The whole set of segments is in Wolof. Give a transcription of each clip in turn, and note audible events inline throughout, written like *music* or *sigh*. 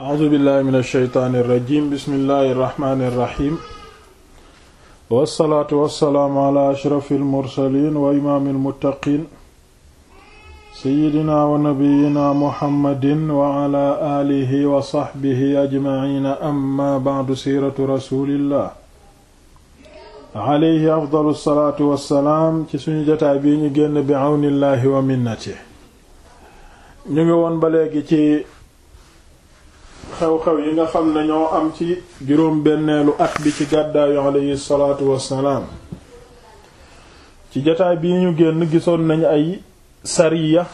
A'uuzu billaahi mina shaytaani rajiim bismillaahi rahmaani rahiim. Wassalaatu wassalaamu alaa ashrafil mursaliin wa imaamil muttaqiin. Sayyidinaa wa nabiyyinaa Muhammadin wa alaa aalihi wa sahbihi ajma'iina ammaa ba'du siiratu rasuulillaah. Alayhi afdalu salaatu wassalaam ci suñu jotaay bii ñu génn bi awnillaahi wa minnatihi. Ñu ngi woon ba léegi ci. xew-xew yi nga xam ne ñoo am ci juróom-benneelu at bi ci gàddaayu aleyhi salaatu wassalaam ci jataay bii ñu génn gisoon nañu ay sariya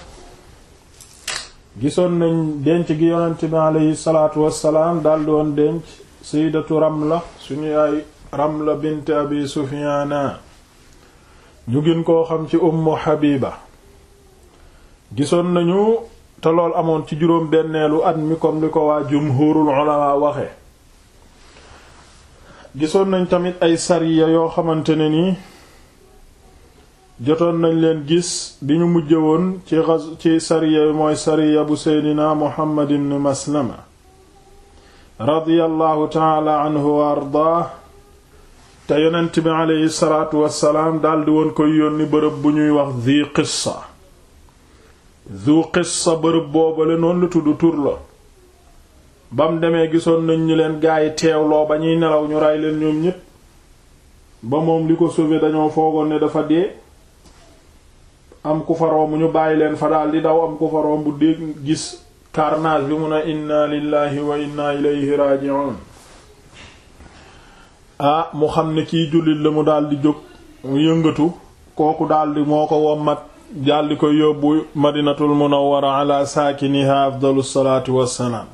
gisoon nañ denc gi yonent bi aleyhi salaatu wassalaam daldi woon denc sayyidatu Ramla suñu yaay Ramla bint Abi Sufyaana ñu gën koo xam ci Ummu Habiba gisoon nañu te lool amoon ci juróom benneelu at mi comme li ko waa jumhurul ulama waxe gisoon nañ tamit ay sariya yoo xamante ne nii jotoon nañ leen gis bi ñu mujje woon ci ci sariya mooy sariya bu seydina Muhammad ibn Maslama radiyallahu taala anhu wa ardaa te yonent bi aleyhi salaatu wassalaam daldi woon koy yónni bërëb bu ñuy wax di qissa zu qissa bërëb boobale noonu lu tudd tur la bam demee gisoon nañ ñu leen gaay teewloo ba ñuy nelaw ñu rey leen ñoom ñépp ba moom li ko sauvé dañoo foogoon ne dafa dee am ku fa romb ñu bàyyi leen fa daal di daw am ku fa romb bu dégg gis carnage bi mun a inna lillahi wa inna ilayhi raji'un ah mu xam ne kiy jullit la mu daal di jóg mu yëngatu kooku daal moo ko wommat daal ko koy yóbbu madinatul munawwara ala saakiniha afdalu salaatu wassalaam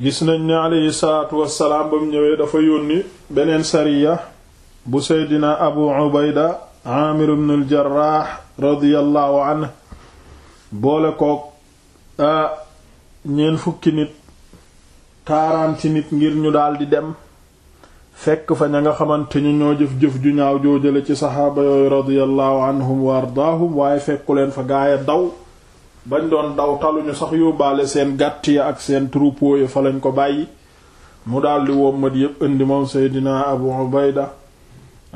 gis nañ ne aleyhi salaatu wassalaam ba mu ñëwee dafa yónni beneen sariya bu seydina abu ubayda aamir ibn jarraax radiyallahu anhu boole koog ah, ñeent fukki nit quarante nit ngir ñu daldi dem fekk fa ña nga xamante ni ñoo jëf-jëf ju ñaaw joojale ci saxaaba yooyu radiyallahu waaye fekku leen fa gaaya daw bañ doon daw taluñu sax yóbbaale seen gàtt ya ak seen troupeau ya fa lañ ko bàyyi mu daldi wommat yépp indi moom seydina abu ubayda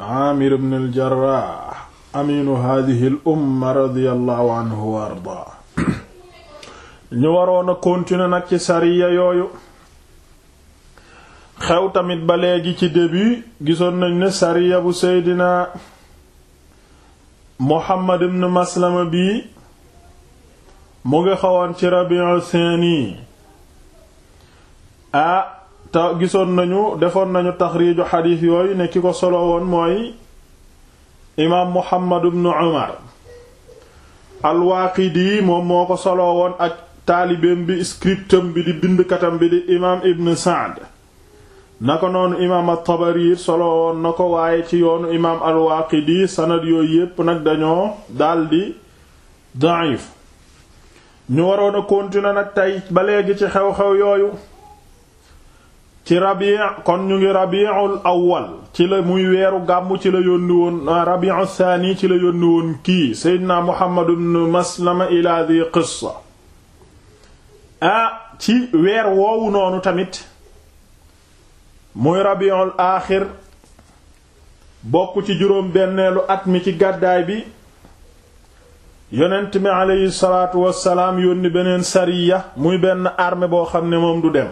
aamir ibn al jarrah aminu hadihi umma radiyallahu wa ardaa *coughs* ñu waroon a nag ci sariya yooyu xew tamit ba léegi ci début gisoon nañ ne sariya bu seydina Muhammad ibn Maslama bi mu ngi xawoon ci Rabi'u Saani ah te gisoon nañu defoon nañu taxriiju xadiis yooyu ne ki ko solo woon mooy imaam Muhammad ibn Umar al moom moo ko solo woon ak taalibeem bi scriptum bi di bindkatam bi di imaam Ibn Sa'd na ko noonu imaam at-Tabari it solo woon na ko waaye ci yoonu imaam al-Waaqidi sanad yooyu yépp nag dañoo daldi da'if ñu waroon a continuer nag tey ba léegi ci xew-xew yooyu ci Rabi' kon ñu ngi Rabi'ul awwal ci la muy weeru gàmm ci la yónni woon ah, Rabi'u thani ci la yónni woon kii Seydina Muhammad ibn Maslama ila dhi qissa ah ci weer woowu noonu tamit muy rabiul aaxir bokk ci juróom benneelu at mi ci gàddaay bi yonent mi aleyhi salaatu wassalaam yónni beneen sariya muy benn armée boo xam ne moom du dem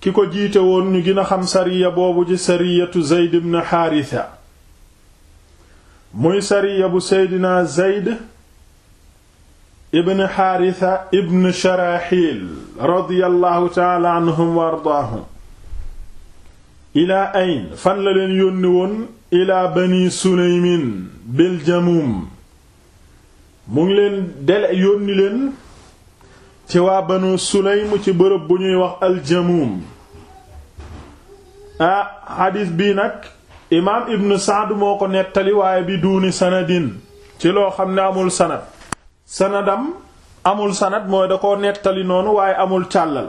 ki ko jiite woon ñu gën a xam sariya boobu ci sariyatu zeyd ibn xaarisa muy sariya bu seydina zeyd ibn xaarisa ibn sharaxil radiyallahu taala anhum wa ardaahum ilaa ayn fan la leen yónni woon ilaa bani suleymin bil mu ngi leen dele yónni leen ci waa banu suleym ci bërëb bu ñuy wax aljamuum ah xadiis bii nag imaam ibn saad moo ko nettali waaye bi duuni sanadin ci loo xam ne amul sanad sanadam amul sanad mooy da ko nettali noonu waaye amul càll la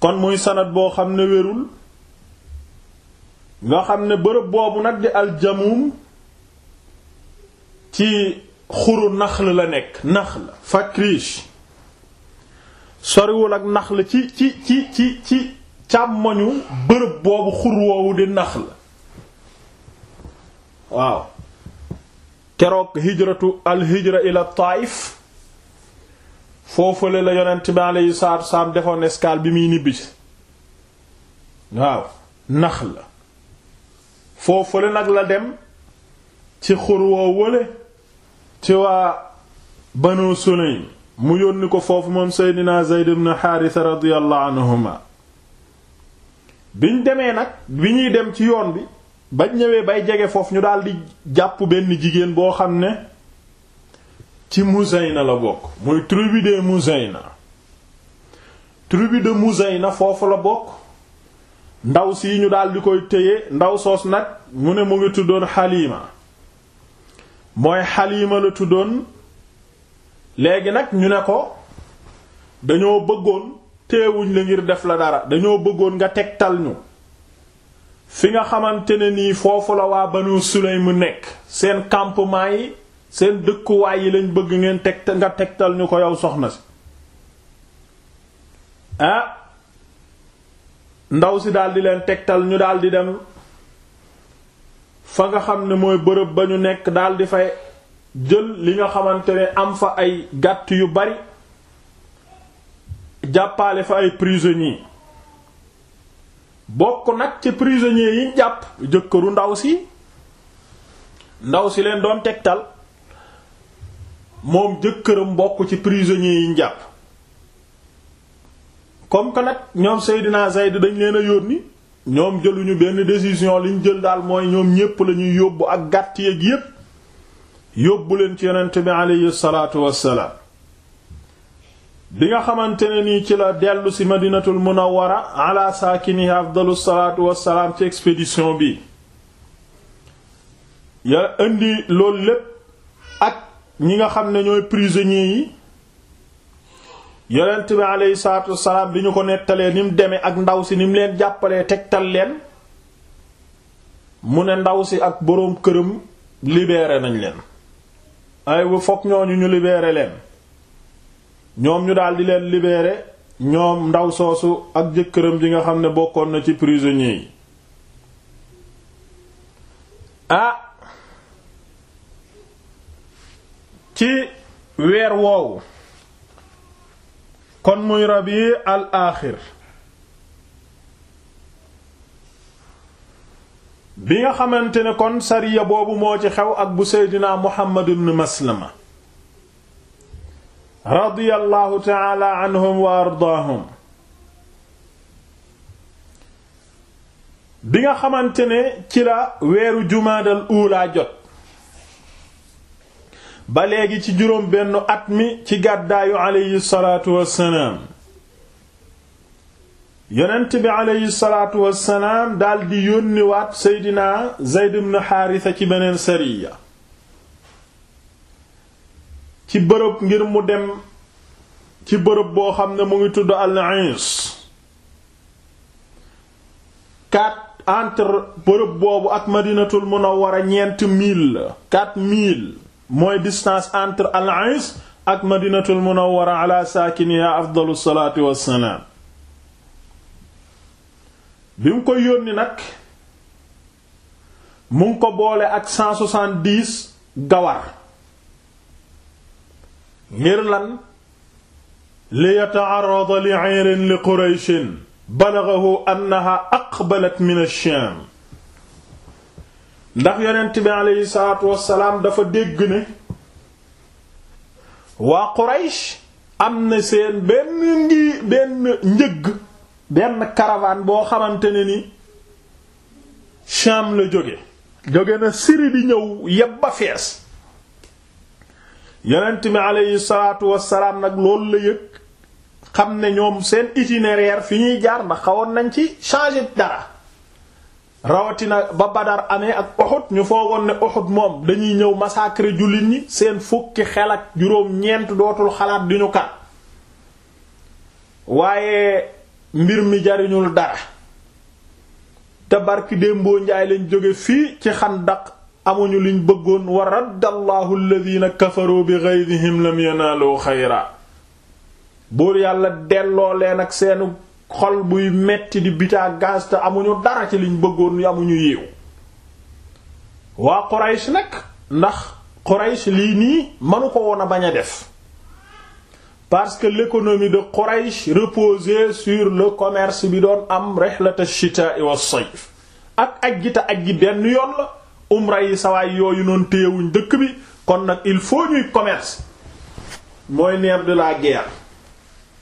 kon muy sanad boo xam ne wérul nga xam ne bërëb boobu nag di aljamuum ci xuru Naxl la nekk Naxl Fakrish soriwul ak la ci ci ci ci ci càmmoñu bërëb boobu xur woowu di Naxl waaw keroog hijratu al hijra ila Taif foofale la yonent bi alayhi salaatu wa defoon escale bi muy ñibbi ci waaw nax la foofale nag la dem ci xur woo wële ci waa Banu Sulaym mu yónni ko foofu moom Seydina Zayd ibn Haarisa radiyallahu anhuma biñ demee nag bi ñuy dem ci yoon bi ba ñëwee bay jege foofu ñu daldi jàpp benn jigéen boo xam ne ci Muzayna la bokk muy tribu de Muzayna tribu de na foofu la bokk ndaw sii ñu daldi koy téye ndaw soos nag mu ne mu ngi tuddoon Halima mooy Halima la tuddoon léegi nag ñu ne ko dañoo bëggoon teewuñ la ngir def la dara dañoo bëggoon nga tegtal ñu fi nga xamante ne nii foofu la waa Banu Sulaym nekk seen campement yi seen dëkkuwaay yi lañ bëgg ngeen teg nga tegtal ñu ko yow soxna si ah ndaw si daldi leen tegtal ñu daldi dem fa nga xam ne mooy bërëb ba ñu nekk daldi fa jël li nga xamante ne am fa ay gàtt yu bari jàppale fa ay prisonniers bokk nag ci prisonniers yi jàpp jëkkëru ndaw si ndaw si leen doon tegtal moom jëkkëram bokk ci prisonniers yi jàpp comme que nag ñoom Seydina Zayd dañ leen a yónni ñoom jëluñu benn décision liñ jël daal mooy ñoom ñépp la ñuy yóbbu ak gàtt yeeg yépp yóbbu leen ci yonent bi aleyhi salaatu wassalaam bi nga xamante ne nii ci la dellu si madinatul munawwara ala saakini afdalu salaatu wassalaam ci expédition bi ya indi loolu lépp ak ñi nga xam ne ñooy prisonniers yi yonent bi aleyhi salaatu wassalaam bi ñu ko nettalee ni mu demee ak ndaw si nim leen jàppalee tegtal leen mu ne ndaw si ak boroom këram libéré nañ leen ay wa fokk ñooñu ñu libéré leen ñoom ñu daal di leen libeere ñoom ndaw soosu ak jëkkëram ji nga xam ne bokkoon na ci prisonniers yi ah ci weer woowu kon muy rabi al aaxir bi nga xamante ne kon sariya boobu moo ci xew ak bu seydinaa Muhammad ibn Maslama radiyallahu taala anhum wa ardaahum bi nga xamante ne ci la weeru jumaadal uulaa jot ba léegi ci juróom benn at mi ci gàddaayu aleyhi salaatu wassalaam yonent bi aleyhi salaatu wassalaam daldi yónniwaat seydinaa zeyd ibn xaarisa ci beneen sariya ci bërëb ngir mu dem ci bërëb boo xam ne mu ngi tudd al-Ins quatre entre bërëb boobu ak Madinatul Munawwara ñeenti mille quatre mille mooy distance entre al-Ins ak Madinatul Munawwara ala saakiniha afdalu salaatu wassalaam bi ko yónni nag mu ngi ko boole ak cent soixante-dix gawar ngir lan li yataarada li ayrin li qurayshin balagahu annaha aqbalat min ash-sham ndax yonent bi aleyhi salaatu wassalaam dafa dégg ne waa quraysh am na seen benn ngi njëgg benn caravane boo xamante ni sham la jóge jóge na siri di ñëw yeb fees yonent mi aleyhi salaatu wassalaam nag loolu la yëg xam ne ñoom seen itinéraire fi ñuy jaar ndax xawoon nañ ci changer dara rawatina ba Badar amee ak Uhud ñu foogoon ne Uhud moom dañuy ñëw massacrer jullit ñi seen fukki xel ak juróom-ñeent dootul xalaat duñu kat waaye mbir mi jariñul dara te barki démboo njaay lañ jóge fii ci xan daq amuñu liñ bëggoon wa raddallahu alladhina kafaru bi ghaydihim lam yanaalu xayra buur yàlla delloo leen ak seenu xol buy metti di bitaa amuñu dara ci liñ bëggoon amuñu yiw waa Quraysh nag ndax Quraysh lii nii mënu ko woon a bañ a def parce que l'économie de Quraysh reposait sur le commerce bi doon am rihlat ash-shitaa'i sayf ak aj gi te yoon la umra yi sawaay yooyu noonu téyewuñ dëkk bi kon nag il faut ñuy commerce mooy nerf de la guerre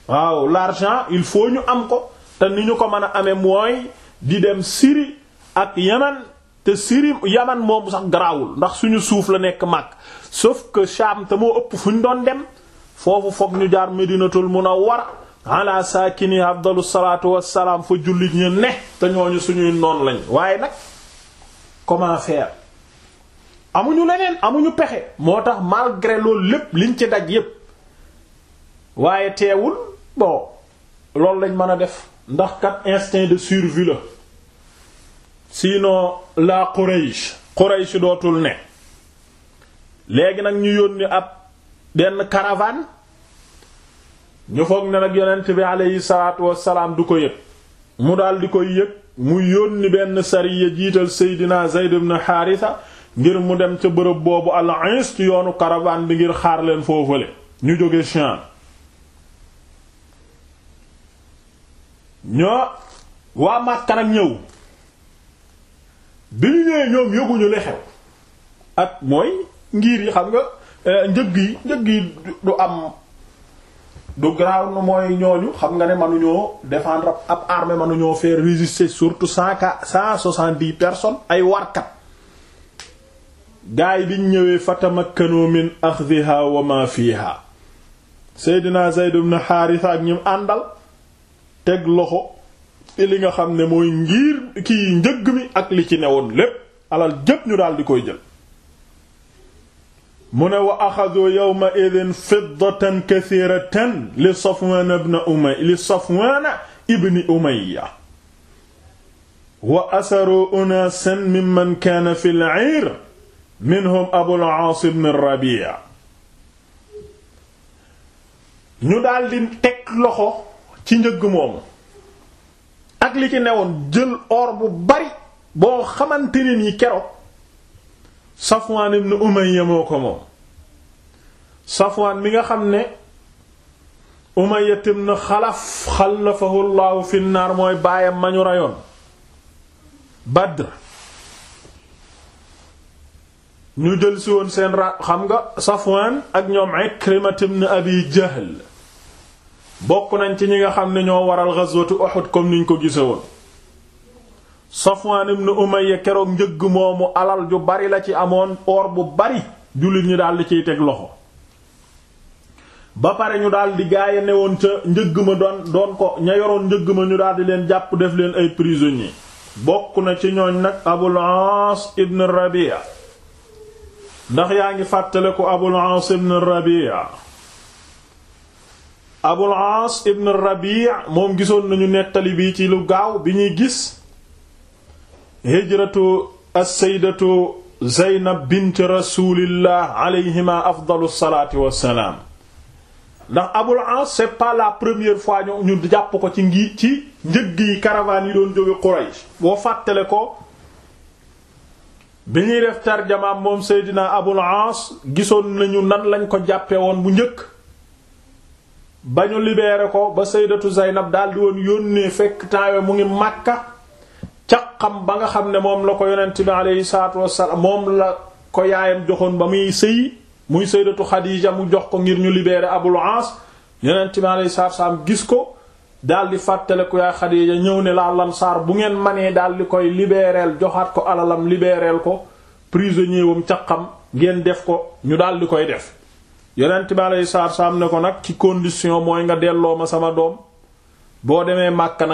waaw l'argent il faut ñu am ko te ni ñu ko mën a amee mooy di dem siri ak Yaman te Syrie Yaman moom sax garaawul ndax suñu suuf la nekk mag sauf que Sham te moo ëpp fu ñu doon dem foofu foog ñu jaar Medinatul Munawwara ala saakini afdalu salaatu wassalaam fa jullit ñu ne te ñooñu suñuy noon lañ waaye nag comment amuñu leneen amuñu pexe moo tax malgré loolu lépp liñ ci daj yépp waaye teewul bon loolu lañ mën a def ndax kat instinct de survie la sinon la Quraysh Quraysh dootul ne léegi nag ñu yónni ab benn caravane ñu foog ne nag yonent bi aleyhi salaatu du ko yëg mu daldi di koy yëg mu yónni benn sariya jiital Seydina Zayd ibn Haarisa ngir mu dem ca bërëb boobu al ci yoonu caravane bi ngir xaar leen foofale ñu jóge Shaam ñoo waa Makka nag ñëw bi ñu ñëwee ñoom yëguñu li xew ak mooy ngir yi xam nga eh, njëg yi njëg yi du am du grave mooy ñooñu xam nga ne mënuñoo défendre ab armée ñoo faire résister surtout cent cent soixante-dix personnes ay warkat gaay biñ ñëwee fatamakkanu min axdiha wa ma fiha Seydina Zayd ibn Haarisa ak ñim àndal teg loxo te li nga xam ne mooy ngir kii njëgg mi ak li ci newoon lépp alal jëpp ñu daal di koy jël mu ne wa axadu yawma idin fiddatan kathiratan li Safwan ibn Umay li Safwan ibn Umayya wa asaru unaasan mimman kaana fil ayr minhum Abul Aas ibn Rabi' ñu daldi teg loxo ci njëg moomu ak li ci newoon jël or bu bari boo xamante ne nii keroog Safwaan ibn Umayya moo ko moom Safwaan mi nga xam ne Umayya ibn Xalaf xalafahu Allahu fi naar mooy baayam ma ñu reyoon Badr ñu jël si woon seen ra xam nga Safwaan ak ñoom Ikrimat ibn Abi Jahl bokk nañ ci ñi nga xam ne ñoo waral ghazwatu Uhud comme niñ ko gise woon Safwan ibn Umayya keroog njëg moomu alal ju bari la ci amoon or bu bari jullit ñi daal di ciy teg loxo ba pare ñu daldi di gaay a newoon ca njëgg ma doon doon ko ña yoroon njëg ma ñu daal di leen jàpp def leen ay prisonniers bokk na ci ñooñ nag Abul Aas ibn Rabi'a ndax yaa ngi fàttale ko Abul Aas ibn Rabi'a Abul Aas ibn Rabi'a moom gisoon nañu nettali bi ci lu gaaw bi ñuy gis hijratu as-sayyidatu Zeynab bint rasulillah alayhima afdalu salaatu wassalaam ndax Abul As c'est pas la première fois ñu jàpp ko ci ngi ci njëgg yi caravane yi doon jóge Quraysh boo fàttale ko bi ñuy def tarjamaam moom Seydina Abul As gisoon nañu nan lañ ko jàppee woon bu njëkk ba ñu libéré ko ba Sayyidatu Zeynab daal di woon yónnee fekk taawe mu ngi Makka caqam ba nga xam ne moom la ko yonent bi aleyhi salaatu wassalaam moom la ko yaayam joxoon ba muy sëy muy sayyidatu Xadiija mu jox ko ngir ñu libeere Abul Aas yonent bi aleyhi salaatu saam gis ko daal di fàttale ku yaay Xadiija ñëw ne la Ansaar bu ngeen manee daal di koy libérer joxaat ko alalam libeereel ko prisonnier wam caqam ngeen def ko ñu daal di koy def yonent bi aleyhi salaatu wassalaam ne ko nag ci condition mooy nga delloo ma sama doom boo demee Màkka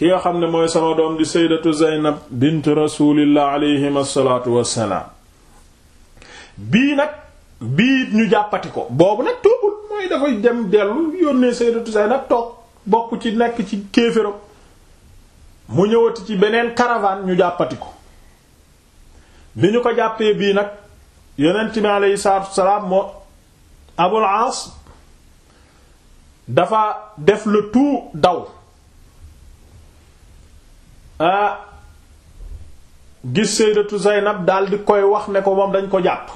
ki nga xam ne mooy sama doom di saydatu zeynab bint rasulillah alayhim asalaatu wassalaam bii nag bii ñu jàppati ko boobu nag tuubul mooy dafay dem dellu yónnee saydatu zeynab toog bokk ci nekk ci kéeféram mu ñëwati ci beneen caravane ñu jàppati ko bi ñu ko jàppee bii nag yonent bi aleyhi salaatu wassalaam moo abul aas dafa def le tout daw ah gis sayyidatu Zaynab daal di koy wax ne ko moom dañ ko jàpp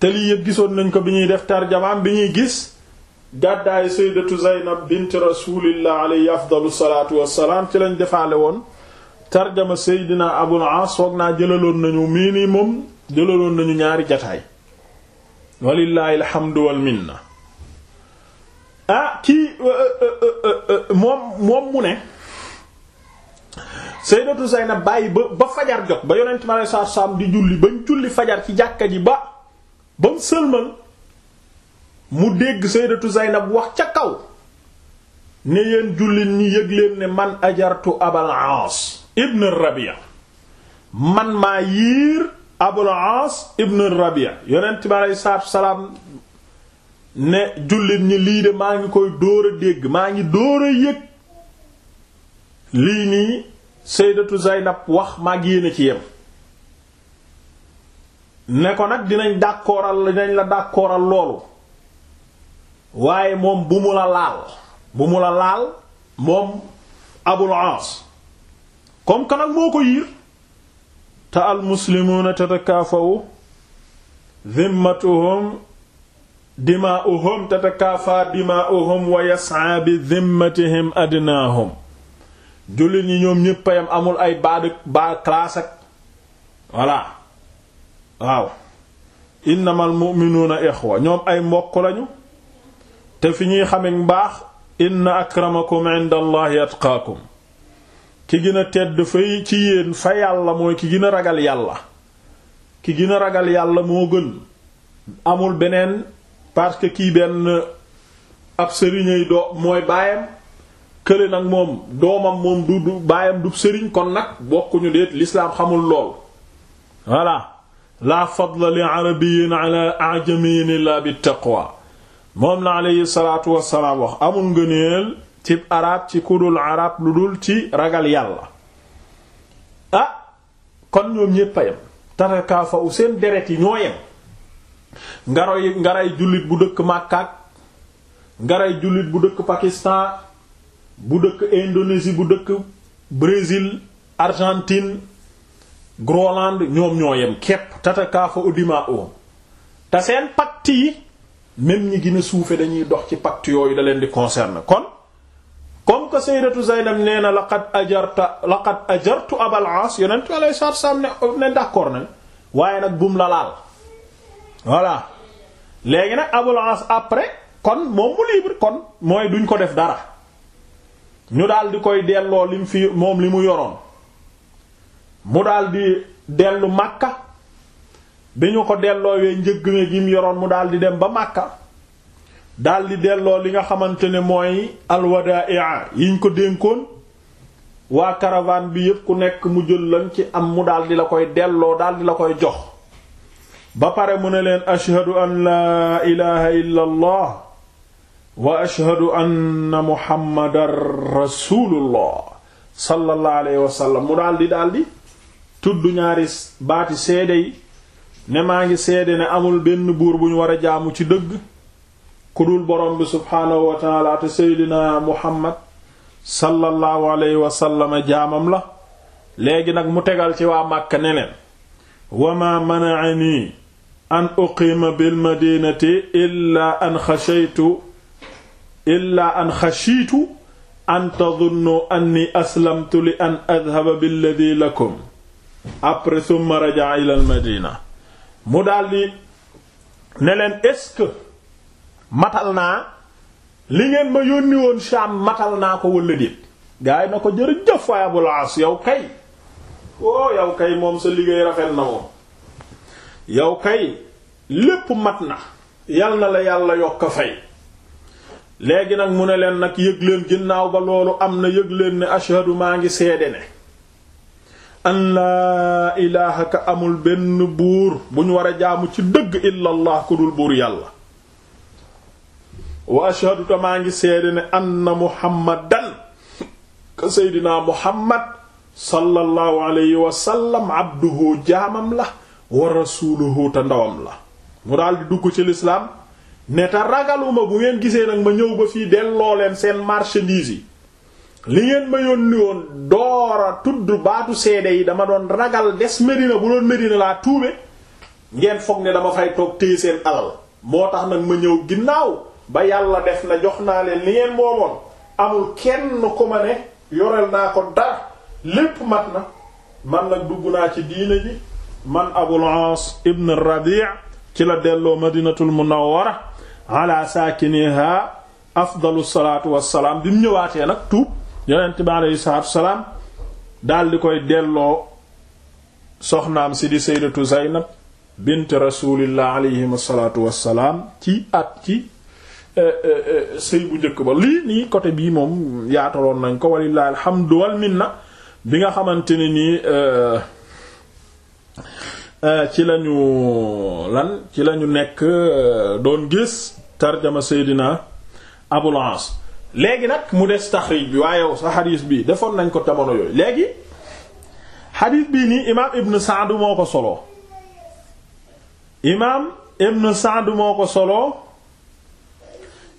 te lii yëpp gisoon nañ ko bi ñuy def tarjamaam bi ñuy gis gàddaayu sayyidatu Zaynab bint rasulillah alayhi afdalu salaatu wassalaam ci lañ defaale woon tarjama Seydina Abul Aas foog naa jëlaloon nañu minimum jëlaloon nañu ñaari jataay walillahi alhamdu wal minna ah kii euh, euh, euh, moom moom mu ne sayyidatu Zaynab bàyyi ba ba fajar jot ba yonent mi alayhi salaatu salaam di julli bañ julli fajar ci jàkka ji ba ba mu sëlmal mu dégg sayyidatu Zaynab wax ca kaw ne yéen jullit ñi yëg ne man ajartu Abul Aas ibn Rabi'a man maa yiir Abul Aas ibn Rabi'a yonent mi alayhi salaatu salaam ne jullit ñi lii de maa ngi koy dóor a dégg maa ngi dóor a yëg lii nii sayyidatu Zaynab wax mag yéen ci yem ne ko nag dinañ dàkkooral dinañ la dàkkooral loolu waaye moom bu mu la laal bu mu la laal moom Abul Aas comme que moo ko yiir te al muslimuuna tatakaafawu dhimmatuhum dimaa'uhum dimaa'uhum wa yas'a bi dhimmatihim adnaahum jullit ñi ñoom ñépp yam amul ay bas de bas ak voilà waaw innamal mu'minuuna ixwa ñoom ay mbokk lañu te fi ñuy xamee mbaax inna akramakum inda allahi ki gën a tedd fay ci yéen fa yàlla mooy ki gën a ragal yàlla ki gën a ragal yàlla moo gën amul beneen parce que kii benn ab sëriñay doo mooy baayam kële nag moom doomam moom du baayam du sëriñ kon nag bokkuñu déet lislaam xamul lool voilà la fadla li arabiyin ala ajamiyin illa bi moom la amul ngëneel ci arab ci kudul arab lu dul ci ragal yàlla ah kon ñoom ñépp a u seen deret yi ñoo yem ngaray jullit bu dëkk Makka ngaray jullit bu dëkk Pakistan bu dëkk Indonésie bu dëkk Brésil Argentine Groenland ñoom ñoo yem képp tatakaafa udima om te seen pacte yi même ñi gën a suufe dañuy dox ci pacte yooyu da leen di concerner kon comme que sayyidatu Zaynab nee na laqad ajarta laqad ajartu Abal As yonent bi alayhi salaatu salaam ne oh, ne d'accord na waaye nag bum lalaal laal voilà léegi nag Abul As après kon moom mu libre kon mooy duñ ko def dara ñu daal koy delloo lim fi moom li mu yoroon mu daal di dellu Makka bi ñu ko delloowee njëgg me gi yoroon mu daal di dem ba Makka daldi delloo li nga xamante ne mooy alwadaa yiñ ko dénkoon waa caravane bi yépp ku nekk mu jël lan ci am mu daal la koy delloo daal di la koy jox ba pare mu ne leen ashhadu an laa ilaha illa wa ashhadu anna muhammadan rasulullah mu daal di daal di tudd ñaari baati seede yi ne maa ngi seede ne amul benn buur bu ñu war a jaamu ci dëgg ku dul borom bi subhaanahu wa taala te seydina muhammad sallallahu alayhi wa sallam jaamam la léegi nag mu tegal ci waa màkk ne wa ma mana'ani an uqima bil madinati illa an xashaytu illaa an xashiitu an tadunnu anni aslamtu li an adhaba billadi lakum après rajaa ila madina mu daldi ne leen est matal naa li ngeen ma yónni woon Sham matal naa ko walla déet gaa yi na ko jërëjëf waay Abul As yow kay oo oh, yow kay moom sa liggéey rafet na moom yow kay lépp mat na yal na la yàlla yokk a léegi nag mu ne leen nag yëg leen ginnaaw ba loolu am na yëg leen ne ashhadu maa ngi seede ne an ilaaha ka amul benn buur bu ñu war a jaamu ci dëgg illallah ku dul buur yàlla wa ashhadu ta maa ngi seede ne anna muhammadan ka seydinaa muhammad sallallahu alayhi wa sallam abduhu jaamam la wa rasuluhu te ndawam la mu daldi dugg ci lislaam ne te ragaluma bu ngeen gisee nag ma ñëw ba fii delloo leen seen marchandise yi li ngeen ma yónni woon doora tudd baatu seede yi dama doon ragal des Medina bu doon Medina laa tuube ngeen foog ne dama fay toog téye seen alal moo tax nag ma ñëw ginnaaw ba yàlla def na jox naa leen li ngeen moomoon amul kenn ku ma ne yoreel naa ko dara lépp mat na man nag dugg naa ci diina ji man Abul Aas ibn Rabi' ci la delloo Madinatul Munawwara ala saakiniha afdalu salaatu wassalaam bi mu ñëwaatee nag tuub yonent bi aleyhi salaatu wassalaam daal di koy delloo soxnaam si di sayyidatu Zaynab bint rasulillah aleyhim salaatu wassalaam ci at ci eh, eh, eh, sëy bu njëkk ba lii nii côté bii moom yaataloon nañ ko walillahi alhamdu wal minna bi nga xamante ne nii ci lañu lan ci lañu nekk doon gis tarjama Seydina Abul As léegi nag mu des taxrij bi waaye sa xadiis bi defoon nañ ko tamono yooyu léegi xadiis bii nii imaam Ibn Sa'd moo ko soloo imaam Ibn Sa'd moo ko soloo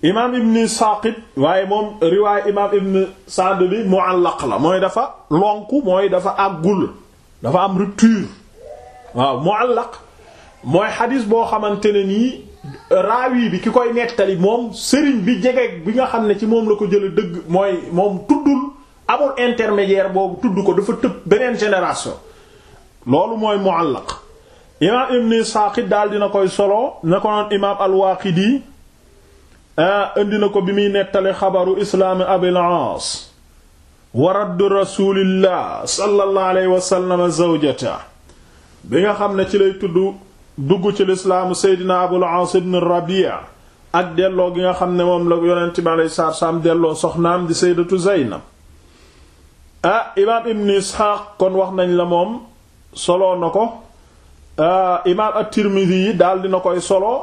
imaam Ibn Isaaq waaye moom riwaay imaam Ibn Sa'd bi mu'allaq la mooy dafa lonku mooy dafa àggul dafa am rupture waaw mu'allaq mooy xadiis boo xamante nii raawi bi ki koy nettali moom sëriñ bi jege bi nga xam ne ci moom la ko jële dëgg mooy moom tuddul amul intermédiaire boobu tudd ko dafa tëb beneen génération loolu mooy muallaq imaam ibn Isaaq daal dina koy solo na ko noon imaam al ah, indi na ko bi muy nettali xabaru islaami Abil Aas wa raddu rasulillah sallallahu alayhi wa sallam zawjata bi nga xam ne ci lay tudd dugg ci lislaamu seydina abul aas ibn rabia ak delloo gi nga xam ne moom la yonent bi aleyhi salaatu salaam delloo soxnaam di seydatu zeynab ah imaam ibn isxaaq kon wax nañ la moom soloo na ko ah, imaam at-tirmidhi yi daal dina koy soloo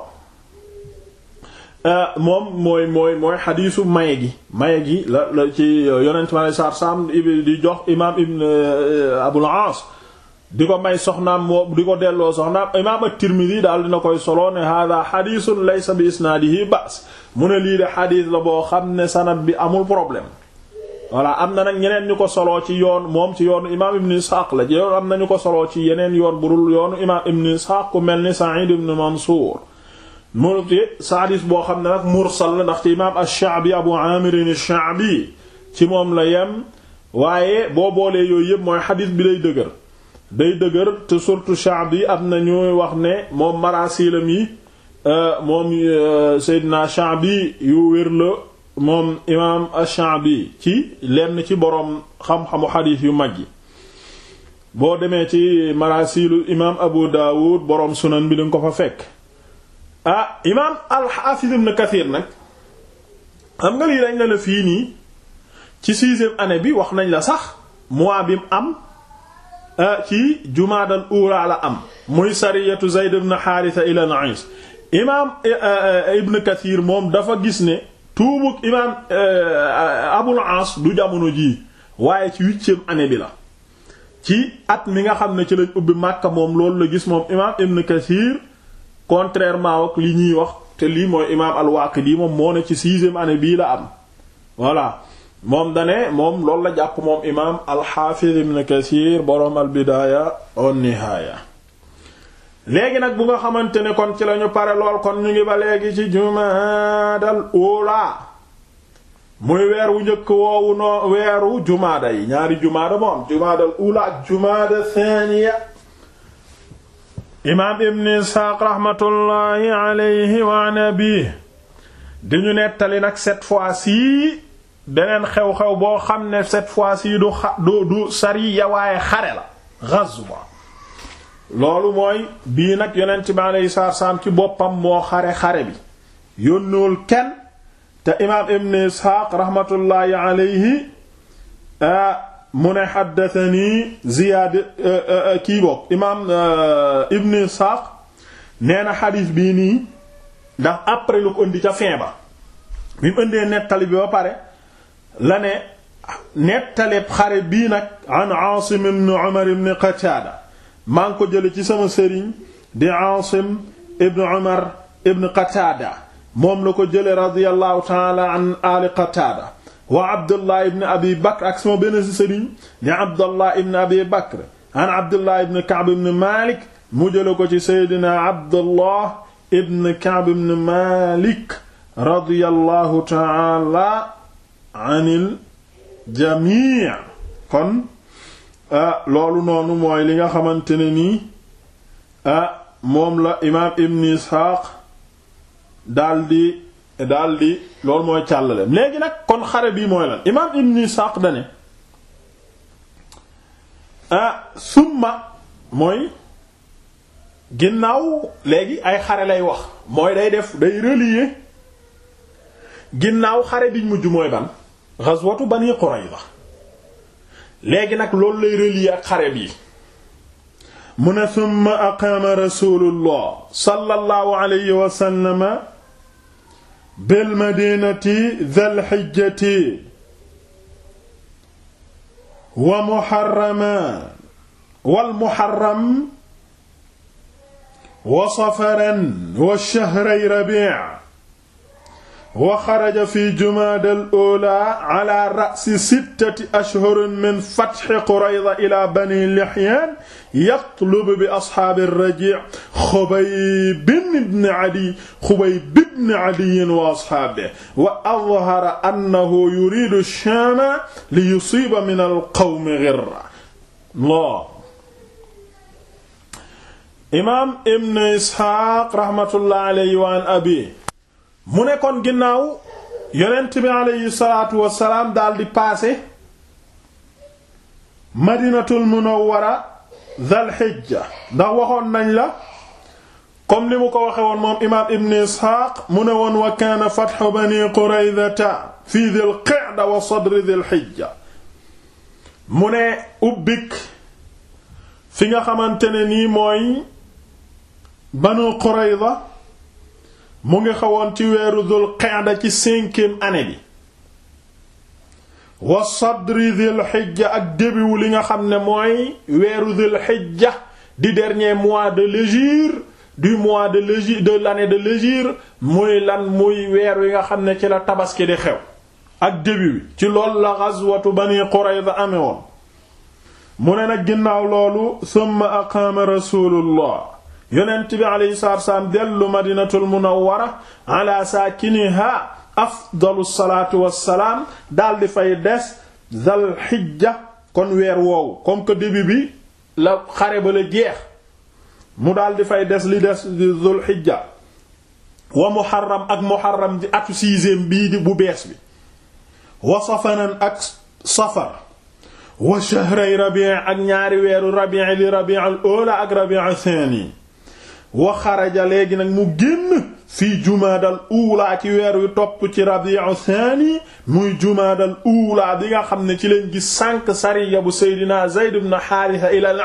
ah, moom mooy mooy mooy xadiisu maye gi maye gi la la ci yonent bi aleyhi salaatu salaam di jox imaam ibn eh, abul aas di ko may soxnaam moo di ko delloo soxnaam imaam at-Tirmidhi daal dina koy solo ne hada xadisun laysa bi isnaadihi ba's mu ne lii de xadis la boo xam ne sanad bi amul problème voilà am na nag ñeneen ñu ko soloo ci yoon moom ci yoonu imaam ibn Ishaq la yoon am na ñu ko soloo ci yeneen yoon bu dul yoonu imaam ibn Ishaq ku mel ni Sa'id ibn Mansuur mu ci saadis boo xam ne nag mursal la ndax ci imaam ash-Sha'bi Abu Aamir ash-Sha'bi ci moom la yem waaye boo boolee yooyu yëpp mooy bi lay dëgër day dëgër te surtout Sha'bi yi am na ñuy wax ne moom maraasilam yi euh, moom euh, Seydina Sha'bi yu wér la moom imaam Sha'bi ci lenn ci boroom xam-xamu xadiis yu mag yi boo demee ci maraasilu imaam Abu Daawud boroom sunan bi danga ko fa fekk ah imaam al-Hafiz ibn Kathir nag xam nga lii dañ la fii nii ci sixième année bi wax nañ la sax mois bi am Euh, ci jumaadal ura la am muy sariyatu Zayd ibn Haritha ila Na'is imaam eh, eh, Ibn Kathir moom dafa gis ne tuubug imaam eh, Abul As du jamono jii waaye ci huitième année bi la ci at mi nga xam ne ci lañ ubbi Makka moom loolu la gis moom imaam Ibn Kathir contrairement ak li ñuy wax te lii mooy imaam al-Waqidi moom moo ne ci sixième année bii la am voilà. moom dane moom loolu la jàpp moom imaam alxaafiz ibn Kasiir boroom albidaaya on nihaaya léegi nag bu nga xamante ni kon ci lañu pare lool kon ñu ngi ba léegi ci jumaadal uulaa muy weer wu njëkk woowu noo weeru jumaada yi ñaari jumaada moom jumaadal uulaa ak jumaada saaniya imaam ibn Isxaaq raxmatullaahi wa nabi di ñu nettali nag cette fois-ci beneen xew-xew boo xam ne cette fois si du xa du du sariya waaye xare la ghazwa loolu mooy bii nag yonent bi alayhi salaatu salaam ci boppam moo xare xare bi yónnuwul kenn te imaam ibn isxaaq rahmatullahi alayhi mu ne xaddatani ziyaad kii bokk imaam ibn isxaaq nee na xadiis bii nii ndax après lu ko indi ca fin ba bi mu indee nettali bi ba pare la ne nettalib xare bii nag an Aasim ibn Umar ibn Qataada maa ngi ko jële ci sama sëriñ di Aasim ibn Umar ibn Qataada moom la ko jële radiyallahu taala an ali Qataada wa Abdullah ibn Abi Bakr ak sama benn sëriñ di Abdullah ibn Abi Bakr an Abdullah ibn Ka'b ibn Malik mu jële ko ci Seydina Abdullah ibn Ka'b ibn Malik radiyallahu taala anil jamii kon loolu noonu mooy li nga xamante ne nii ah moom la imaam ibn isxaaq daldi daldi loolu mooy càllale léegi nag kon xare bi mooy lan imaam ibn isxaaq dane ah summa mooy ginnaaw léegi ay xare lay wax mooy day def day relier ginnaaw xare biñ mujj mooy ban ghazwatu Bani Qurayza léegi nag loolu lay relier ak xare bi mu ne thumma aqaama rasulullah sallallahu alayhi wa sallama bil madinati dhal hijjati wa muharrama wal muharram wa safaran wa shahri rabi' wa xaraja fi jumaada al-uulaa ala ra'si sittati ashhurin min fathi Qurayza ila bani Lihyaan yatlubu bi ashaabi ar-Rajii' Xubayb ibn Adiy Xubayb ibn Adiy wa ashaabihi wa azhara annahu yuriidu ash-Shaam li yusiiba min al-qawmi ghirran. Imaam Ibn Isxaaq rahmatullahi alayhi wa an abiihi mu ne kon ginnaaw yonent bi aleyhi salaatu wassalaam daldi paase madinatul munawwara dhal hijja ndax waxoon nañ la comme li mu ko waxe woon moom imaam ibn isxaaq mu ne woon wa kaana fathu bani quraydata fi dhil qa'da wa sadri dhil hijja mu ne ubbik fi nga xamante ne nii mooy banu qurayda mu ngi xawoon ci weeru dhul qa'da ci cinquième année bi wa sadri dhul hijja ak débiwu li nga xam ne mooy weeru dhul hijja di dernier mois de l'hégire du mois de l'hégire de l'année de l'hégire muy lan muy weer wi nga xam ne ci la tabaski di xew ak début ci loolu la ghazwatu bani qurayza amee woon mu ne na ginnaaw loolu summa aqaama rasulullah yonent bi alayhi salaatu wassalaam dellu madinatul munawwara ala saakiniha afdalu salaatu wassalaam daal di fay des zal xijja kon weer woowu comme que début bi la xare ba la jeex mu daal fay des li des zul xijja wa muharram ak muharram di atu sixième bii di bu bees bi wa safanan ak safar wa shahray rabi' ak ñaari weeru rabi' li rabi' al ula ak rabi' al wa xaraja léegi nag mu génn fii jumaadal uulaa ci weer wi topp ci rabiu thani muy jumaadal uulaa bi nga xam ne ci leen gi sànq sariya bu seydina zayd ibn haarisa ila al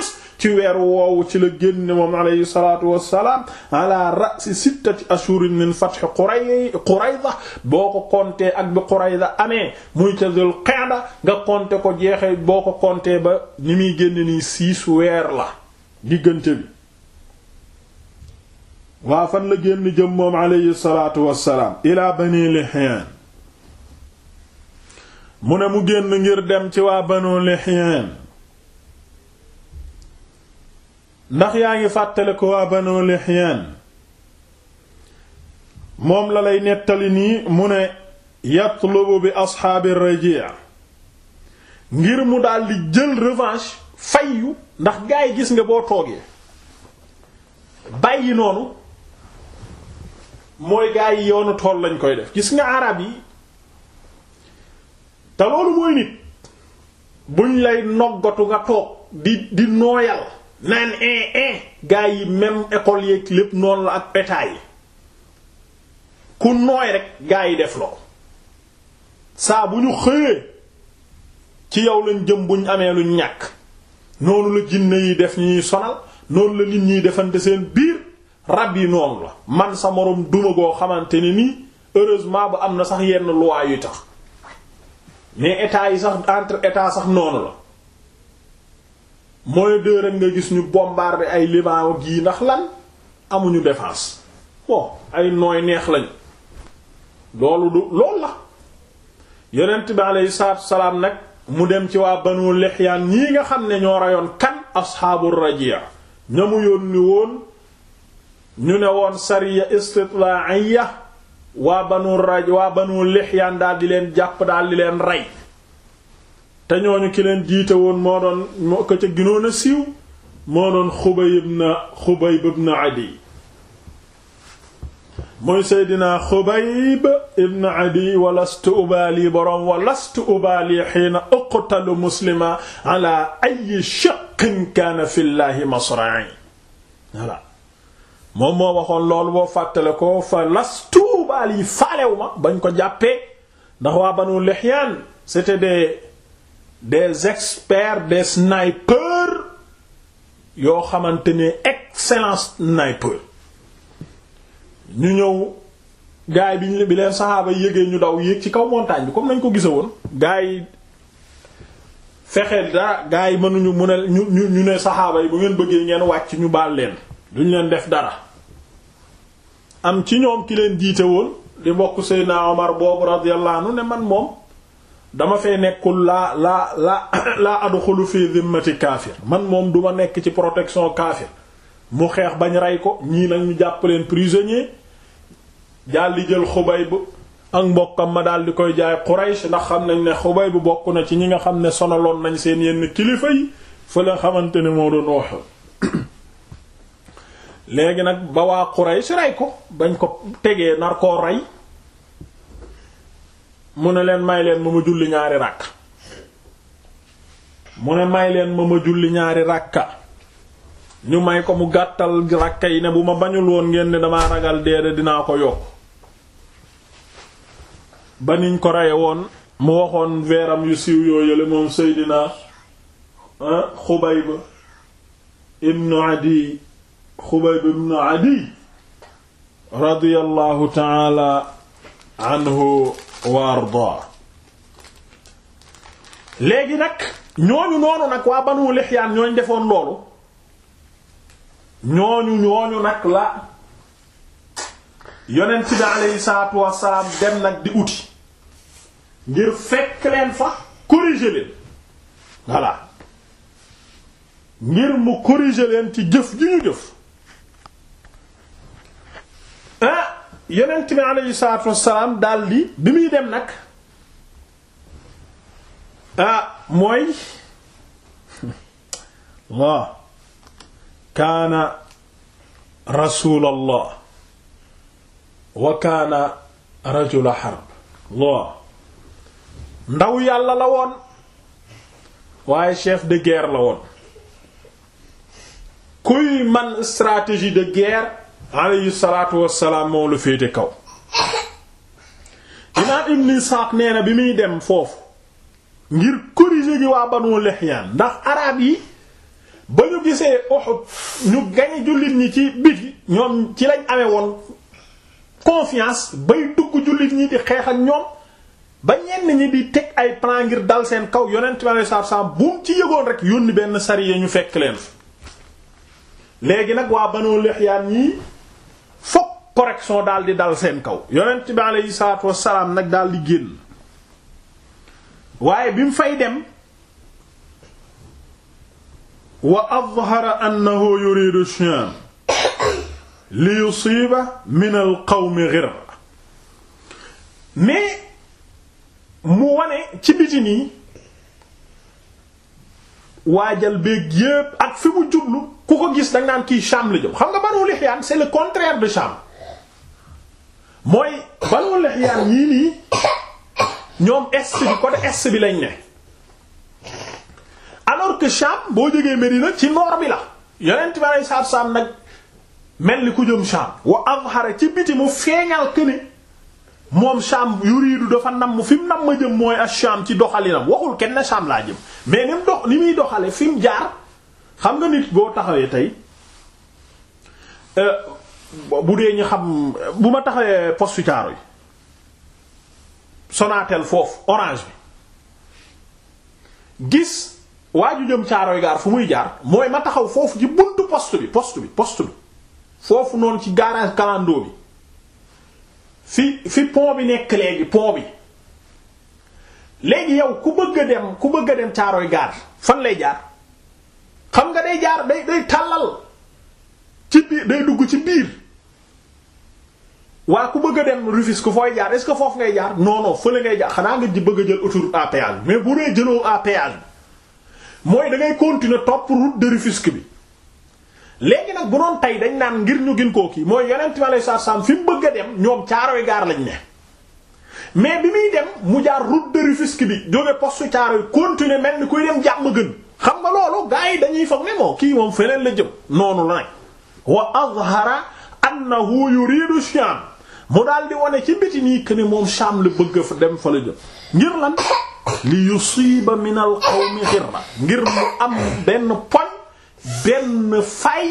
is ci weer woowu ci la génn moom alayhi salaatu wassalaam ala ra'si sittati ashurin min fath quray boo ko konte ak bi qurayza amee muy ca dul qa'da nga compter ko jeexee boo ko compter ba ni muy génn ni six weer la diggante bi waa fan la génn jëm moom aleyhi salaatu wassalaam ilaa bani lihyan mu ne mu génn ngir dem ci waa banu lihyan ndax yaa ngi fàttale ko waa banu lihyan moom la lay nettali nii mu ne yatlubu bi asxaabi rajia ngir mu daldi jël revanche fayyu ndax gaa gis nga boo toogee bàyyi noonu mooy gaa yi yoonu tool lañ koy def gis nga arab yi te loolu mooy nit buñ lay noggatu nga toog di di nooyal naan eh eh gaa yi même école yeeg lépp noonu la ak état yi ku nooy rek gaa yi def loo saa bu ñu xëyee ci yow lañ jëm buñ amee lu ñàkk noonu la jinne yi def ñuy sonal noonu la nit ñiy defante seen biir rab yi noonu la man sa moroom duma goo xamante ni nii heureusement ba am na sax yenn loi yu tax mais état yi sax entre état sax noonu la mooy deux rek nga gis ñu bombardé ay Liban gii ndax lan amuñu défense bon ay nooy neex lañu loolu lool loolu la yonent bi aleyhi salaatu salaam nag mu dem ci waa Banu Lihyaan yi nga xam ne ñoo rayoon kan asxaabu rajia ñamu yónni woon ñu ne woon sariya istitla'iya waa banu raj daal di leen jàpp daal di leen rey te ki leen jiite woon moo doon moo ko ca ginoon a siiw moo doon xubayb ibn xubayb ibn adi mooy seydinaa xubayb ibn adi wa lastu ubaali boroom wa lastu ubaali xiina uqtalu muslima ay shaqin kaana fillaahi masra'i voilà moom moo waxoon loolu boo fàttale ko fa lastu baal yi faalew ma bañ ko jàppee ndax waa banu lexyaan c'était des des experts des snipers yoo xamante ne excellent sniper ñu ñëw gaay bi bi leen saxaaba yéegee ñu daw yéeg ci kaw montagne bi comme nañ ko gisa woon gaay fexeel dara gaay mënuñu mu ne ñu ñu ne saxaaba yi bu ngeen bëggee ngeen wàcc ñu baal leen duñu leen def dara am ci ñoom ki leen jiite woon di mbokk Seydina Omar boobu radiyallahu anhu ne man moom dama fee nekkul laa laa laa *coughs* laa adxulu fi zimmati kaafir man moom duma nekk ci protection kaafir mu xeex bañ rey ko ñii nag ñu jàpp leen prisonnier di jël bu ak mbokkam ma daal di koy jaay Quraysh ndax xam nañ ne bu bokk na ci ñi nga xam ne sonaloon nañ seen yenn kilifa yi fa la xamante ne moo doon wax léegi nag ba waa Quraysh rey ko bañ ko tegee nar koo rey mu ne leen may leen ma ma julli ñaari ràkk mu ne may leen ma ma julli ñaari ràkka ñu may ko mu gàttal ràkka yi ne bu ma bañul woon ngeen ne damaa ragal deede dinaa ko yokk ba niñ ko reye woon mu waxoon veeram yu siiw yoo yële moom Seydina ah, Xubayb ibnu Adi Xubayb ibn Adiy radiyallahu taala anhu wa ardaa léegi nag ñooñu noonu nag waa Banu Lihyaan ñooñu defoon loolu ñooñu ñooñu nag la yonent bi aleyhi salaatu wassalaam dem nag di uti ngir fekk leen fa corriger leen voilà ngir mu corriger leen ci jëf ji ñu jëf yonent bi aleyhi salaatu wassalaam daal di bi muy dem nag ah mooy waaw kaana rasulallah wa kaana rajula harb ndaw yàlla la woon waaye chef de guerre la woon kuy man stratégie de guerre alayhi salaatu wassalaam moo féete kaw imaam ibn Isxaaq nee na bi muy dem foofu ngir corriger ji waa Banu Lihyaan ndax araab yi ba ñu gisee Uhud ñu gañe jullit ñi ci biti ñoom ci lañ amee woon confiance bay dugg jullit ñi di xeex ak ñoom ba ñenn ñi di teg ay plan ngir dal seen kaw yonent bi alayhi salaatu wassalaam bu mu rek yónni benn sariya ñu fekk leen léegi nag waa Banu Lihyaan yii correction daal di dal seen kaw yonent bi aleyhi salaatu wassalaam nag daal di génn waaye bi mu fay dem wa adhara annahu yuridu Sham li yépp ak fi mu jublu ku ko gis danga naan kii Sham la jëm xam nga Banu Lihyaan c'est le contraire de Sham mooy banu lexyaan yii nii ñoom est bi côté est bi lañ ne alors que Sham boo jógee Medina ci nord bi la yonent bi alei saatu nag mel ni ku jëm Sham wa azhara ci biti mu feeñal que ni moom Sham yuriidu dafa namm fi mu nam ma jëm mooy ak Sham ci doxalinam waxul kenn ne Sham laa jëm mais ni mu dox ni muy doxale fi mu jaar xam nga nit boo taxawee tey euh, bu dee ñu xam bu ma taxawee poste Thiaroye yi Sonatel foofu orange bi gis waa ju jëm Thiaroye gaar fu muy jaar mooy ma taxaw foofu ci buntu poste bi poste bi poste foofu noonu ci garage Kalandoo bi fi fi pont bi nekk léegi pont bi léegi yow ku bëgg a dem ku bëgg a dem Thiaroye gaar fan lay jaar xam nga day jaar day day tàllal ci biir day dugg ci biir waa ku bëgg a dem Rufisque fooy jaar est foofu ngay jaar non non fële ngay a jël autoroute à péage mais bu dee jëloo à péage bi mooy da ngay continuer topp route de Rufisque bi nag bu doon tey dañ naan ngir ñu gën koo kii mooy yeneen wàllu sarsam fi mu bëgg a ñoom Caaroy gaar lañ ne. mais bi muy dem mu jaar route de bi jóge poste Caaroy continuer mel ni kuy dem jàmm gën xam nga loolu gars yi dañuy foog ne kii moom feneen la jëm noonu la nag wa azhara annahu yuridu mu daal di wane ci biti nii que ne moom Sham bëgg fa dem fa la jëm ngir lan li yusiba min al qawmi xirra ngir mu am benn poñ benn fay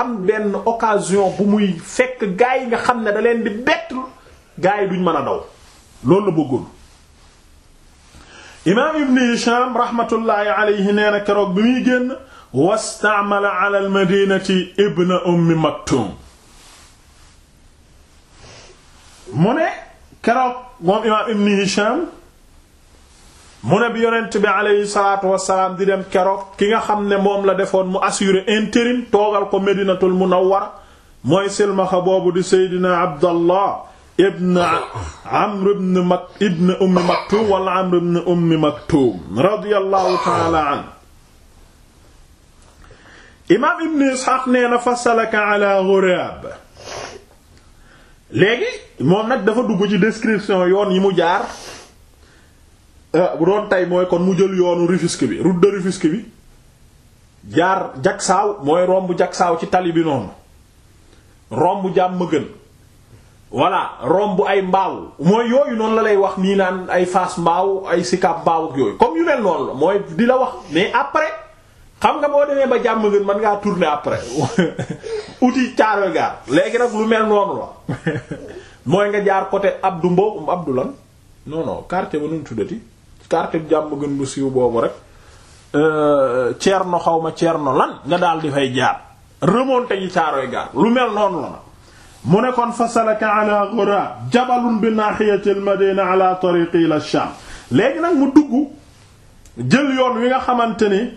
am benn occasion bu muy fekk gaa yi nga xam ne da leen di bett gaa yi duñ mën a daw loolu la bëggoon imaam ibn Hisham rahmatullahi alayhi keroog bi muy génn wastaamala ala al madinati ibn ummi maktum mu ne keroog moom imaam ibn Hisham mu ne bi yonent bi aleyhi salaatu wasalaam di dem keroog ki nga xam ne moom la defoon mu assuré intérim toogal ko Medinatul Munawwara mooy silmaxa boobu di Seydina Abdallah ibn Amr ibn Mak ibn Ummi Maktum wala Amr ibn Ummi Maktum radiyallahu ta'ala an imaam ibn Isxaaq nee na fasalaka ala ghurab léegi moom nag dafa dugg ci description yoon yi mu jaar euh, bu doon tey mooy kon mu jël yoonu Rufisque bi route de Rufisque bi jaar Jaksaaw mooy romb Jaksaaw ci tali bi noonu romb jàmm gën voilà romb ay mbaaw mooy yooyu noonu la lay wax nii naan ay Fass mbaaw ay Sicap mbaaw yooyu comme yu mel noonu la mooy di la wax mais après xam nga boo demee ba jàmm gën mën ngaa tourner après *laughs* outil caaroy gaar léegi nag lu mel noonu la *laughs* mooy nga jaar côté Abdou Mbow um, Abdou lan non non ba nu mu tuddati quartier bu jàmm gën bu siiw boobu rek euh, Thierno xaw ma Thierno lan nga daal di fay jaar remonté yi caaroy gaar lu mel noonu la nag mu ne kon fasalaka ala ghurab jabalun bi nahiyati madina ala tariqi ila sham léegi nag mu dugg jël yoon wi nga xamante ni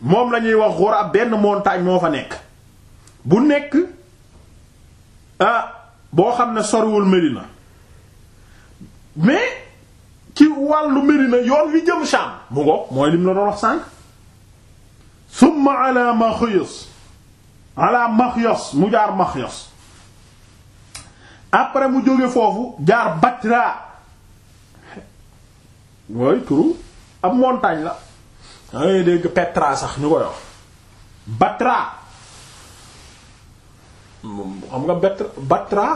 moom lañuy ñuy wax ghurab benn montagne moo fa nekk bu nekk ah, boo xam ne sorwul Medina mais ci wàllu Medina yoon wi jëm Sham mu ngoog mooy lim la doon wax sànq summa ala Maxyas ala Maxyas mu jaar Maxyas après mu jóge foofu jaar Batra mooy turu ab montagne la dangay dégg Petra sax ñu koy wax Batra xam nga bet batra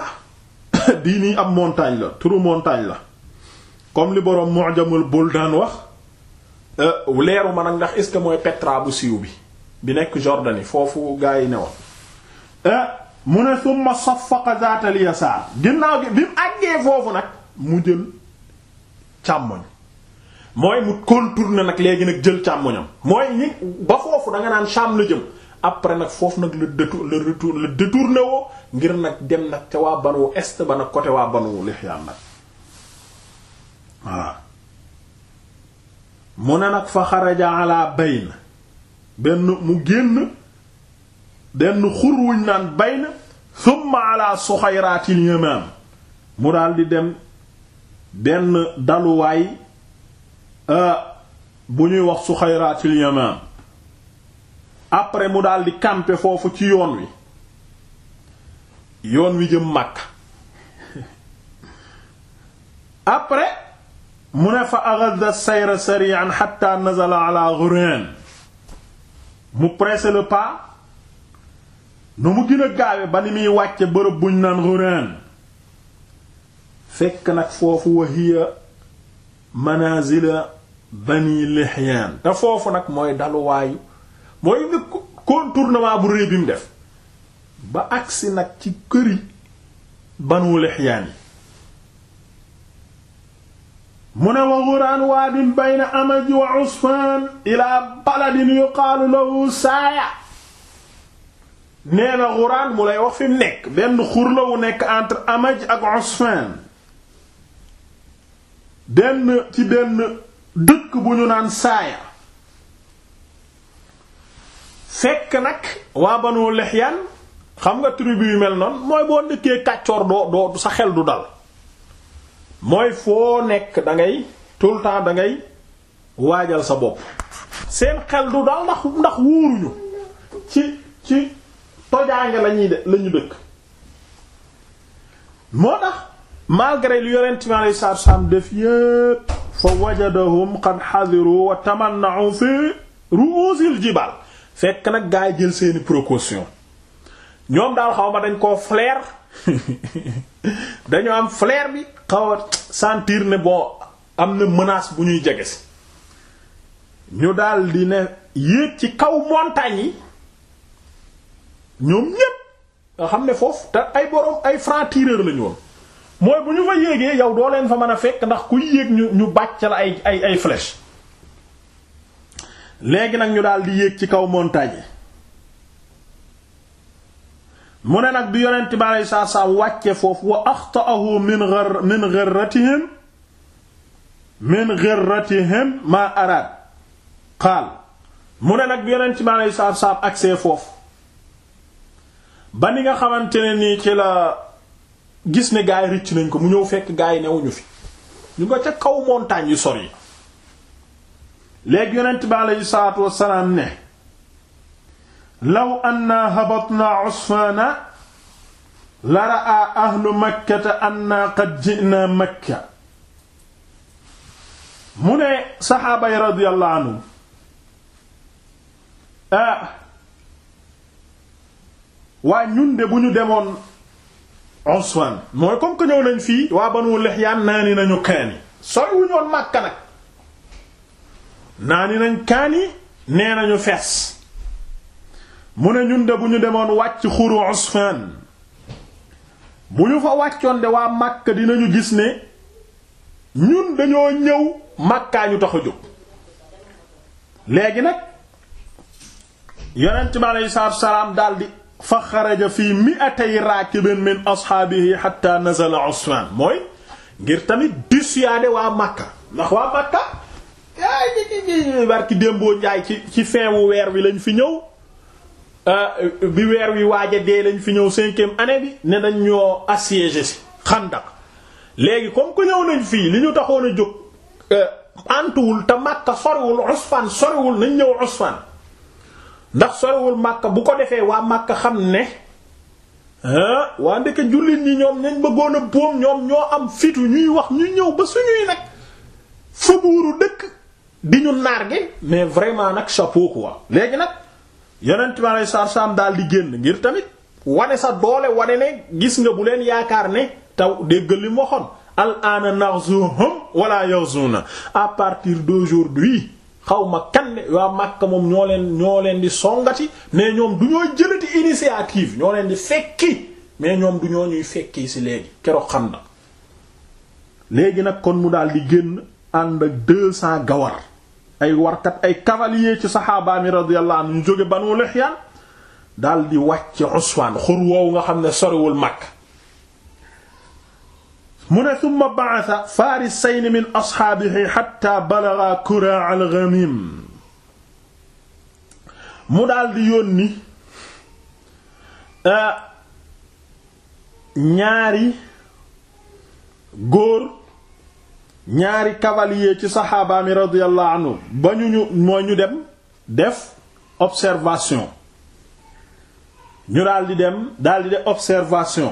*coughs* bii nii am montagne la turu montagne la comme li borom boroom bool Buldan wax euh, leeru ma nag ndax est-ce mooy Petra bu siiw bi bi nekk Jordanie foofu gaa yi ne woon euh, mu ne summa saffaqa zaatal yasaar ginnaaw gi bi mu àggee foofu nag mu jël càmmoñ mooy mu contourner nag léegi nag jël càmmoñam mooy ñi ba foofu danga naan Sham la jëm après nag foofu nag le détour le retour le ngir nag dem nag ca waa banu est ba nag côté waa banu Lihyaan nag voilà mu ne nag fa xaraja ala bayna benn mu génn benn xur wuñ naan bayna thumma ala suxayraatil yamaam mu daal dem benn daluwaay euh, bu ñuy wax suxayraatil yamaam après mu daal di foofu ci yoon wi yoon wi jëm Makka après mu ne fa aghadha sayra sari'an hatta nazala ala Ghuran mu pressé le pas nu mu gën a gaawe ba ni muy wàcce bërëb buñ naan Ghuran fekk nag foofu wa manazila Bani Lihyan te foofu nag mooy daluwaay mooy nga contournement bu rëy bi def ba agsi nag ci këri Banu Lihyaan yi mu ne wa ghuraan waadin bayna Amaj wa Usfaan ilaa baladin yuqaalu lahu Saaya nee na xuraan mu lay wax fi nekk benn xur la wu nekk entre Amaj ak Usfaan benn ci benn dëkk bu ñu naan Saaya fekk nag waa Banu Lihyan xam nga tribu yu mel noonu mooy boo ndëkkee kàccoor doo doo sa xel du dal mooy foo nekk dangay ngay tout le waajal sa bopp seen xel du dal ndax ndax wóoruñu ci ci tojaange lañuy lañu dëkk moo tax malgré lu yonent mi alayhi salaatu salaam def yépp fa wajadahum qad hadiru wa tamanna'u fi ru'usil jibal fekk nag gaa yi jël seeni précaution ñoom daal xaw ma dañ koo flair *laughs* dañoo am fleer bi xaw a sentir ne boo am na menace bu ñuy jege si ñu daal di ne yéeg ci kaw montagne yi ñoom ñépp nga xam ne foofu te ay borom ay francs-tireurs la ñu woon mooy bu ñu fa yéegee yow doo leen fa mën a fekk ndax ku yéeg ñu ñu bàcc la ay ay ay léegi nag ñu daal di yéeg ci kaw montagne yi mu ne nag bi yonent bi aleyhi salaatu salaam wàcce foofu wa axta'ahu min min ghirratihim min ghirratihim ma arad qaal mu ne nag bi yonent bi aleyhi salaatu salaam agsee foofu ba ni nga xamante ne nii ci la gis ne gaay rëcc nañ ko mu ñëw fekk gaay newuñu fi ñu nga ca kaw montagne yu yi léegi yonent bi aleyhi salaatu wassalaam ne law annaa habatnaa usfaana la ra'aa ahlu makkata annaa qad ji'naa makka mu ne saxaaba yi radiyallahu anhum ah waa ñun de bu ñu demoon usfaan mooy comme que ñëw nañ fii waa Banu Lihyaan naani nañu kaani sori wu ñoon Makka nag naa ni nañ kaani nee nañu fees mu ne ñun de bu ñu demoon wàcc xuru Usfan bu ñu fa wàccoon de waa Makka dinañu gis ne ñun dañoo ñëw Makkaa ñu tax a jóg léegi nag yonent bi aleyhi salaatu daldi fa xaraja fii mi'atay raakibin min ashaabihi hatta nazala Usfan mooy ngir tamit dissuader waa Makka ndax waa Makka yaa ngi barki démboo njaay ci ci fin wu weer wi lañu fi ñëw euh, euh, bi weer wi waaja dee lañ fi ñëw cinquième année bi ne nañ ñoo assiégé si xandak léegi comme que ñëw nañ fii li ñu taxoon a jóg euh, antuwul te Makka soriwul Usfan soriwul nañ ñëw Usfan ndax soriwul màkka bu ko defee waa Makka xam ne waa ndeke jullit ñi ñoom nañ bëggoon a boom ñoom ñoo am fitu ñuy wax ñu ñëw ba suñuy nag fa buuru dëkk di ñu nargué mais vraiment nag chapeau quoi léegi nag yeneen tubaab yi saam daal di génn ngir tamit wane sa doole wane ne gis nga bu leen yaakaar ne taw dégg li mu waxoon al aana naxzuhum wala yaxzuna à partir d'aujourd'hui xaw ma kan waa Makka moom ñoo leen ñoo leen di songati mais ñoom du ñoo jëlati initiative ñoo leen di fekki mais ñoom du ñoo ñuy fekki ci léegi keroog xam na léegi nag kon mu daal di génn ànd ak deux cents gawar. ay warkat ay cavalier ci saxaabaa mi radiyallahu anhu ñu jóge Banu Lihyaan daal di wàcc Usfaan xur nga xam ne soriwul Makka mu ne thumma ba'atha faarisayn min ashaabihi hatta balagha Kura al-Ghamim mu daal di yónni eh, ñaari góor ñaari cavalier ci saxaaba mi radiyallahu anhu ba ñu ñu mooy ñu dem def observation ñu daldi dem daldi def observation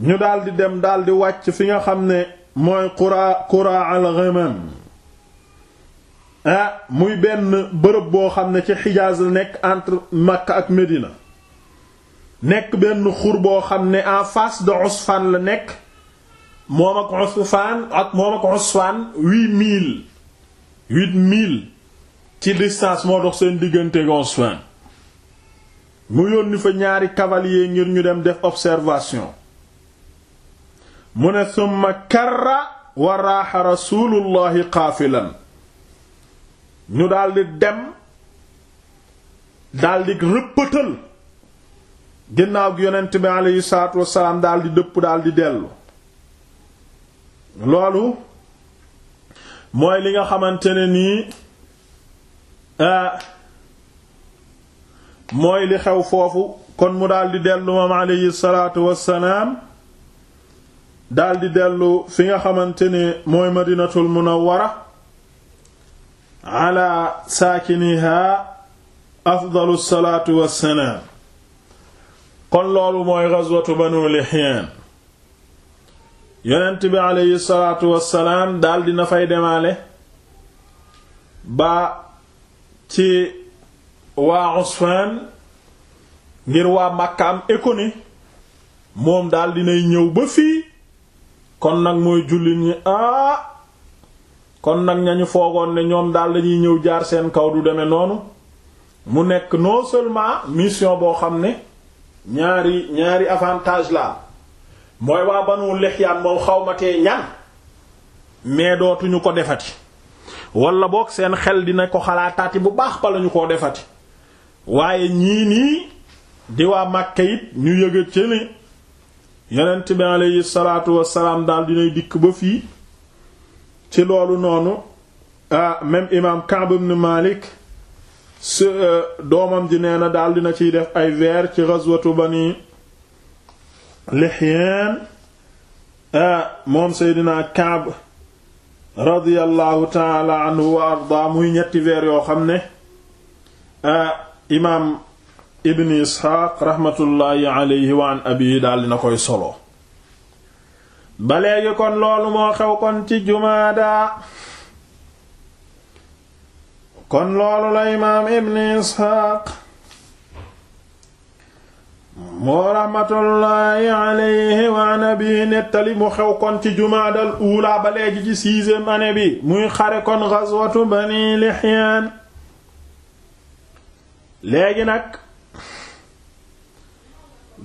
ñu daldi dem daldi wàcc fi nga xam ne mooy qura qura al-ghamam ah muy benn bërëb boo xam ne ci Xijaaz la nekk entre Makka ak Medina nekk benn xur boo xam ne en face de Usfan la nekk moom ak Usfaan ak moom ak Usfaan huit mille huit ci distance moo dox seen diggante ak Usfaan mu yónni fa ñaari cavalier ngir ñu dem def observation mu ne summa karra wa raaxa rasulullahi qaafilan ñu daldi dem daldi rëppëtal ginnaaw gi yonent bi aleyhi salaatu wasalaam daldi dëpp daldi dellu loolu mooy li nga xamante ne nii mooy li xew foofu kon mu daldi dellu moom alayhi salaatu wassalaam daldi dellu fi nga xamante ni mooy madinatul munawwara ala saakiniha afdalu salaatu wassalaam kon loolu mooy ghazwatu banu lihyan yonent bi aleyhi salaatu wassalaam daal dina fay demale ba ci waa Usfan ngir waa Makka am moom daal dinay ñëw ba fii kon nag mooy jullit ñi aa ah! kon nag ñañu foogoon ne ñoom daal dañuy ñëw jaar seen kaw du deme noonu mu nekk non seulement mission boo xam ne ñaari ñaari avantage la mooy waa banu lexyaan moom xawmatee ñan mais dootuñu ko defati wala boog seen xel dina ko xalaataati bu baax ba lañu koo defati waaye ñii nii di waa Màkka it ñu yëga ci ne yonent bi alayhi salaatu wassalaam daal dinay dikk ba fii ci loolu noonu ah même imaam Ka'b ibn Malik su euh, doomam ji nee na daal dina ciy def ay weer ci ba Bani Lihyaan moom Seydina Kaab radiyallahu taala wa arda muy ñetti weer yoo xam ne imaam Ibn Isxaaq rahmatullahi alayhi wa an daal dina koy solo ba léegi kon loolu moo xew kon ci jumaada kon loolu la imaam Ibn Isxaaq moo rahmatullahi alayhi wa nabi nettali mu xew kon ci jumaadal uulaa ba léegi ci sixième année bi muy xare kon ghazwatu bani lihyaan léegi nag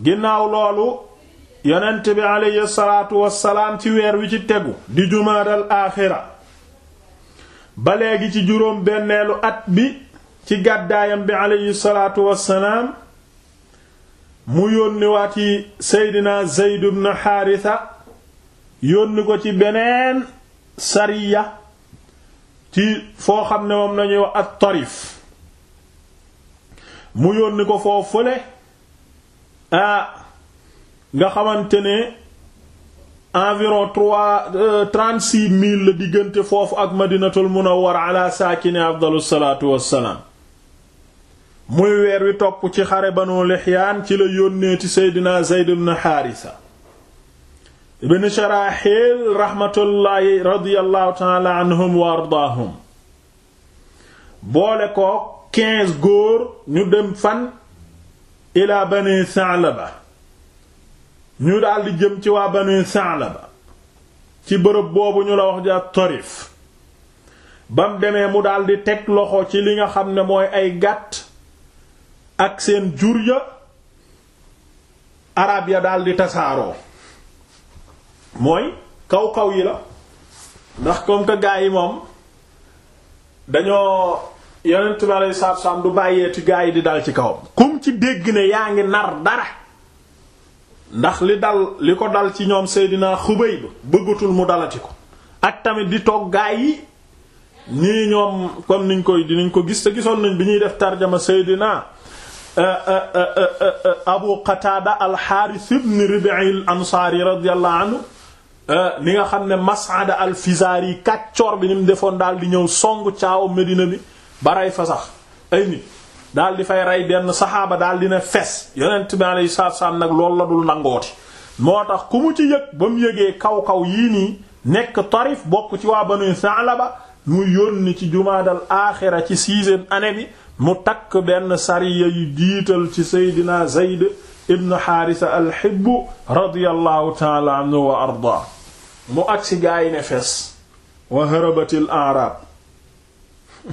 ginnaaw loolu yonent bi alayhi salaatu wassalaam ci weer wi ci tegu di jumaadal aaxira ba léegi ci juróom benneelu at bi ci gàddaayam bi alayhi salaatu wassalaam mu yónni waa ci seydina Zayd ibn Haarisa yónni ko ci beneen sariya ci foo xam ne moom lañuy wax ak Tarif mu yónni ko foo fële ah nga xamante ne environ trois euh, trente-six mille la diggante foofu ak Madinatul Munawwara ala saakini afdalu salaatu wassalaam muy weer wi topp ci xare banu lixyaan ci la yónneeti seydina zeyd ibn xaarisa ibn sharaxil raxmatullaahi radiyallahu taala anhum wa ardaahum boole ko góor ñu dem fan ila bani sa'laba ñu daldi jëm ci waa bani sa'laba ci bërëb boobu ñu la wax torif bam demee mu daldi teg loxo ci li nga xam ne mooy ay gàtt ak seen jur ya arab ya daal di tasaaroo mooy kaw kaw yi la ndax comme que gaa yi moom dañoo yonent bi aleyhi salaatu salaam du bàyyeeti gaa yi di dal ci kawam kum ci dégg ne yaa ngi nar dara ndax li dal li ko dal ci ñoom Seydina Xubayb bëggatul mu dalati ko ak tamit di toog gaa yi nii ñoom comme niñ koy dinañ ko gis te gisoon nañ bi ñuy def tarjama Seydina Euh, euh, euh, Abu Qatada al-Harith ibn Rib'i al-Ansari radiyallahu ni nga xam ne Mas'ada al-Fizari kàccoor bi ni mu defoon daal di ñëw songu caaw Medina bi ba rey fa sax ay nit daal di fay rey benn saxaaba daal di ne fes yonent bi alayhi salaam nag loolu la dul nangooti. moo tax ku mu ci yëg ba mu yëgee kaw kaw yii nii nekk Tarif bokk ci waa ba Banu Sa'laba mu yónni ci jumaadal aaxira ci sixième année bi. mu takk benn sariya yu jiital ci seydina Zayd ibn Haarisa alxibbu radiyallahu taala anhu wa arda mu agsi gaa yi ne fes wa harabatil a'raab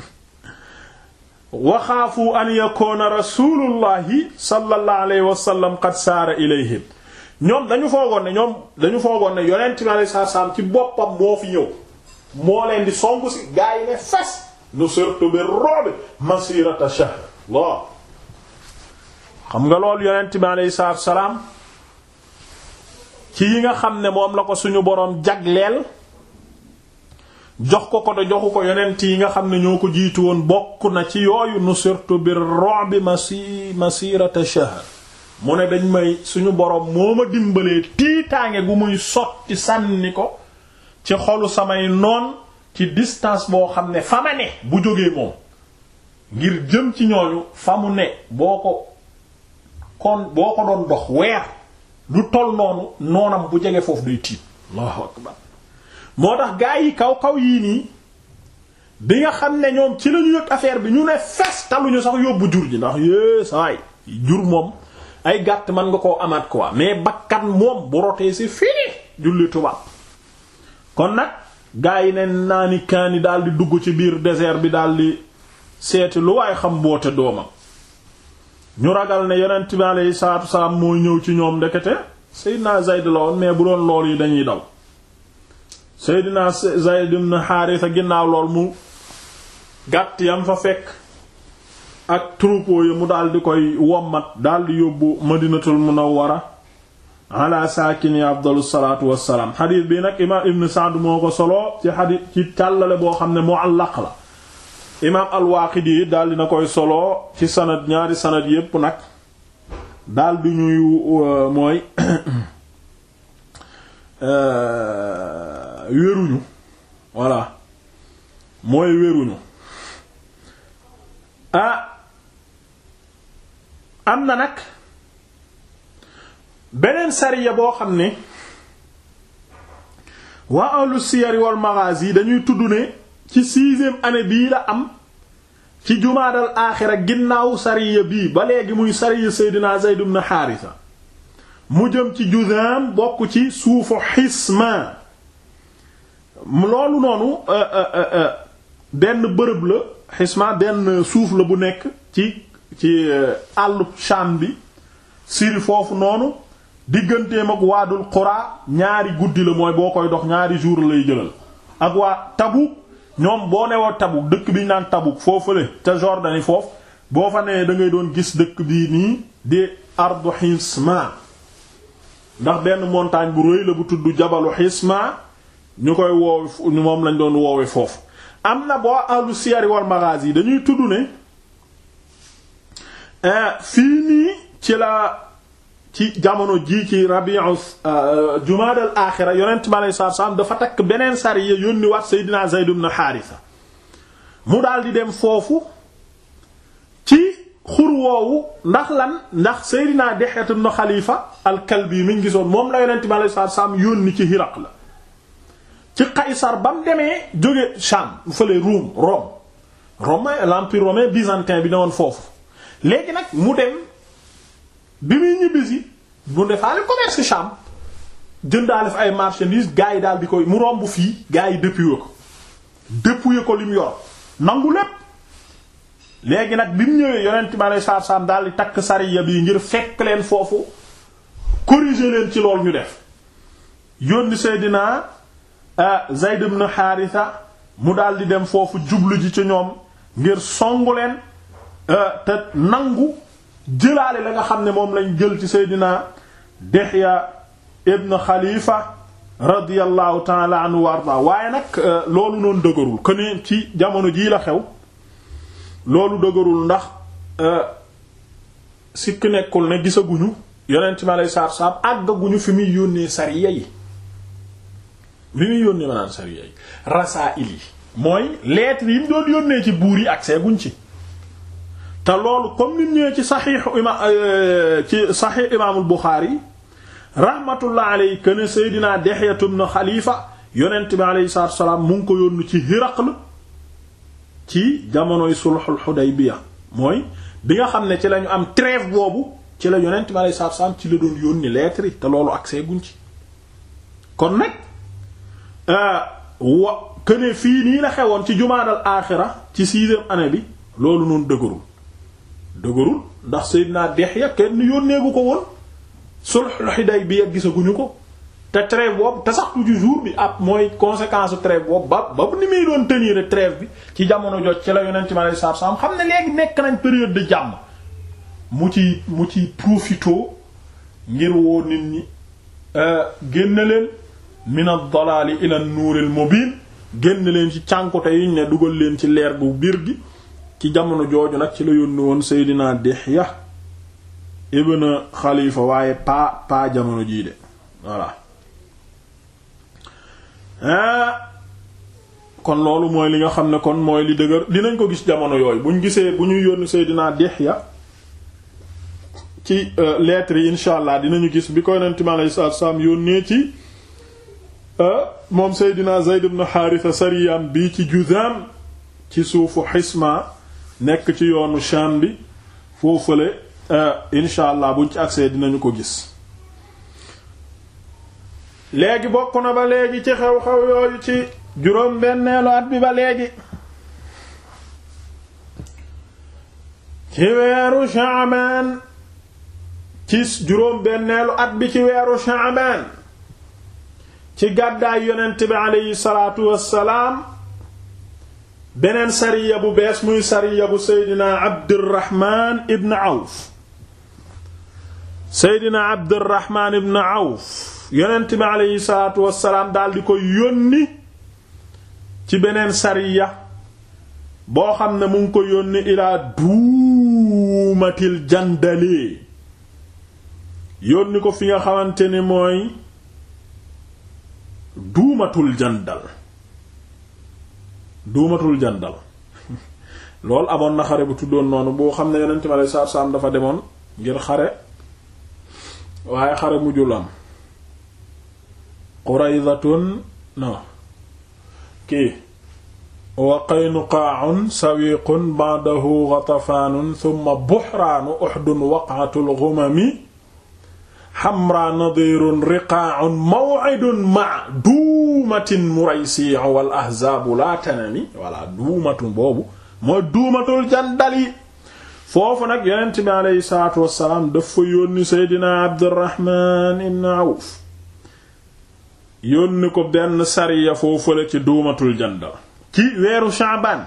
*laughs* wa xaafu an yakuuna rasuulullahi sallallahu alayhi wa qad saara ilayhim ñoom dañu foogoon ne ñoom dañu foogoon ne yonent bi alayhi salaam ci boppam moo fi ñëw moo leen di songu ci gaa ne fes nusirtu bi ru'b masirata shahr xam nga loolu yonent bi aleyhi salaam ci yi nga xam ne moom la ko suñu boroom jagleel jox ko ko da joxu ko yonent yi nga xam ne ñoo ko jiitu woon bokk na ci yooyu nusirtu bi ru'b masi masirata shahr mu ne dañ may suñu boroom moo ma dimbalee tiitaange gu muy sotti sànni ko ci xolu samay noon ci distance boo xam ne fa ma ne bu jógee moom ngir jëm ci ñooñu fa mu ne boo ko kon boo ko doon dox weer lu toll noonu noonam bu jege foofu day tiit allahu akbar moo tax gaa yi kaw kaw yii nii bi nga xam ne ñoom ci lañu yëg affaire bi ñu ne fes taluñu sax yóbbu jur ji ndax yée saay jur moom ay gàtt mën nga koo amaat quoi mais bakkan moom bu rotee c'est fini julli tubaab kon nag gaa yi ne naa ni kaani daldi dugg ci biir désert bi daldi seeti lu waay xam boote doomam ñu ragal ne yonent bi yi salaatu salaam moo ñëw ci ñoom ndekete Seydina Zayd la woon mais bu doon lool yi dañuy daw Seydina Zayd ibn Haarisa ginnaaw lool mu gàtt yam fa fekk ak troupeau yi mu daldi koy wommat daldi yóbbu Madinatul wara ala saakini afdalu salaatu wassalaam xadiis bi nag imaam ibn Sa'd moo ko solo ci xadiis ci càllale boo xam ne mu'allaq la imaam al-Waaqidi daal dina koy solo ci sanad ñaari sanad yépp nag daal di ñuy euh, mooy *coughs* euh, wéruñu voilà mooy wéruñu ah am na nag beneen sariya boo xam ne waa ahlu siyar wal maghazi dañuy tudd ne ci sixième année bii la am ci jumaadal aaxira ginnaaw sariya bi ba léegi muy sariya Seydina Zayd ibn Haarisa mu jëm ci Juzaam bokk ci suufu Hisma loolu noonu euh, euh, euh, benn bërëb la Hisma benn suuf la bu nekk ci ci àllub Shaam bi siri foofu noonu digganteem ak waadul xuraa ñaari guddi la mooy boo koy dox ñaari jour lay jëlal ak waa Tabuk ñoom boo newoo Tabuk dëkk bi ñu naan Tabuk foofale ca Jordanie foofu boo fa nee da ngay doon gis dëkk bi nii di ardu Hisma ndax benn montagne bu rëy la bu tudd jabalu Hisma ñu koy woowe moom lañ doon woowe foofu am na boo ahlu siyar wal maghazi dañuy tudd ne eh, fii nii ci la ci jamono jii ci rabiu uh, jumaadal axira yonent bi alei satu salaam dafa takk beneen sariya yónni waat Seydina Zayd ibn Haarisa mu daal di dem foofu ci xur woowu ndax lan ndax Seydina Dihya ibn Xalifa al-Kalbi mi ngi gisoon moom la yonent bi alei satu salaam yónni ci Hiraq la ci Qaysar ba mu demee jóge Sham fële Ruum Rome Rome l'empire romain byzantin bi ne woon foofu léegi nag mu dem bi muy ñibbisi mu defaale commerce Sham jëndaale fa ay marchandises gars yi daal di koy mu romb fii gars yi dépouiller ko dépouiller ko li mu yor nangu lépp léegi nag bi mu ñëwee yonent ma lay saar daal di takk sariya bi ngir fekk leen foofu corriger leen ci loolu ñu def yónni Seydina euh, Zayd ibn Haritha mu daal di dem foofu jublu ji ci ñoom ngir songu leen euh, te nangu jëlaale la nga xam ne moom lañ jël ci seydina Dihya ibn Khalifa radiyallahu taala anhu wa arda waaye nag euh, loolu noonu dëgërul kënee ci jamono jii la xew loolu dëgërul ndax euh, sikk nekkul ne gisaguñu yonent mi alay saab saab àggaguñu fi muy yónnee sariya yi li muy yónnee maanaam sariya yi rasaa'il yi mooy lettre yi mu doon yónnee ci buur yi ak see ci te loolu comme ni mu ñëwee ci saxiixu ima euh, ci saxiix imaamul Buxaari rahmatullah aleyhi kaana Seydina Dihya ibn Xalifa yonent bi aleyhi salaatu wa salaam mu ngi ko yónnu ci Hiraql ci jamonoy sulhul Hudaybiya mooy bi nga xam ne ci lañu am trêve boobu ci la yonent bi aleyhi salaatu wa salaam ci la doon yónni lettre te loolu accès guñ ci kon nag euh, wa fii nii la xewoon ci jumaadal aaxira ci sixième année bi loolu noonu dëgërul. dëgërul ndax Seydina Dihya kenn yónneegu ko woon sulhul Hudaybiya gisaguñu ko te trêve boobu te sax du jour bi ab mooy conséquence trêve boobu ba ba ni muy doon tenir trêve bi ci jamono jot ci la yonent mi alayhi salaatu salaam xam ne leegi nekk nañ période di jàmm mu ci mu ci profitoo ngir woo nit ñi euh, génn leen min ad-dalaali ila an-nuuril mubiin génn leen ci cànkute yi ñu ne dugal leen ci leer bu biir gi ci jamono jooju nag ci la yónni woon Seydina Dihya ibn Xalifa waaye pa pa jamono jii de voilà eh, kon loolu mooy li nga xam ne kon mooy li dëgër dinañ ko gis jamono yooyu buñ gisee bu ñuy yónni Seydina Dihya ci euh, lettres yi incha allah dinañu gis bi koy neen timaale saam yónnee ci euh, moom Seydina Zayd ibn sariyam bi ci Juzaam ci suufu xisma nekk ci yoonu Sham bi foofale euh, incha allah buñ ci agsee dinañu ko gis léegi bokk na ba léegi ci xew-xew yooyu ci juróom benneelu at bi ba léegi ci weeru Sha'ban ci juróom benneelu at bi ci weeru Sha'ban ci gàddaay yonent bi aleyhi salaatu wassalaam beneen sariya bu bees muy sariya bu seydina abdirahman ibn awf seydina abdirahman ibn awf yonent bi aleyhi wassalaam daldi ko yónni ci beneen sariya boo xam ne mu ngi ko yónni ilaa duumatil jandalee yónni ko fi nga xamante ni mooy duumatul jandal duumatul jandal loolu amoon na xare bu tuddoon noonu boo xam ne yonent ma lay saar saam dafa demoon ngir xare waaye xare mujjul am qurayzatun no kii wa qaynuqaa'un sawiqun ba'dahu ghatafaanun thumma buhraanu uhdun waq'atul ghumami hamra nadirun riqaa'un maw'idun ma'du duumatin muraysi wal ahzaabu laa tanami walla duumatu boobu mooy duumatul jandali foofu nag yonent bi aleyhi salaatu wassalaam dafa yónni seydina abdurrahman ibn awf yónni ko benn sariya foofu la ci duumatul jandal ci weeru shaabaan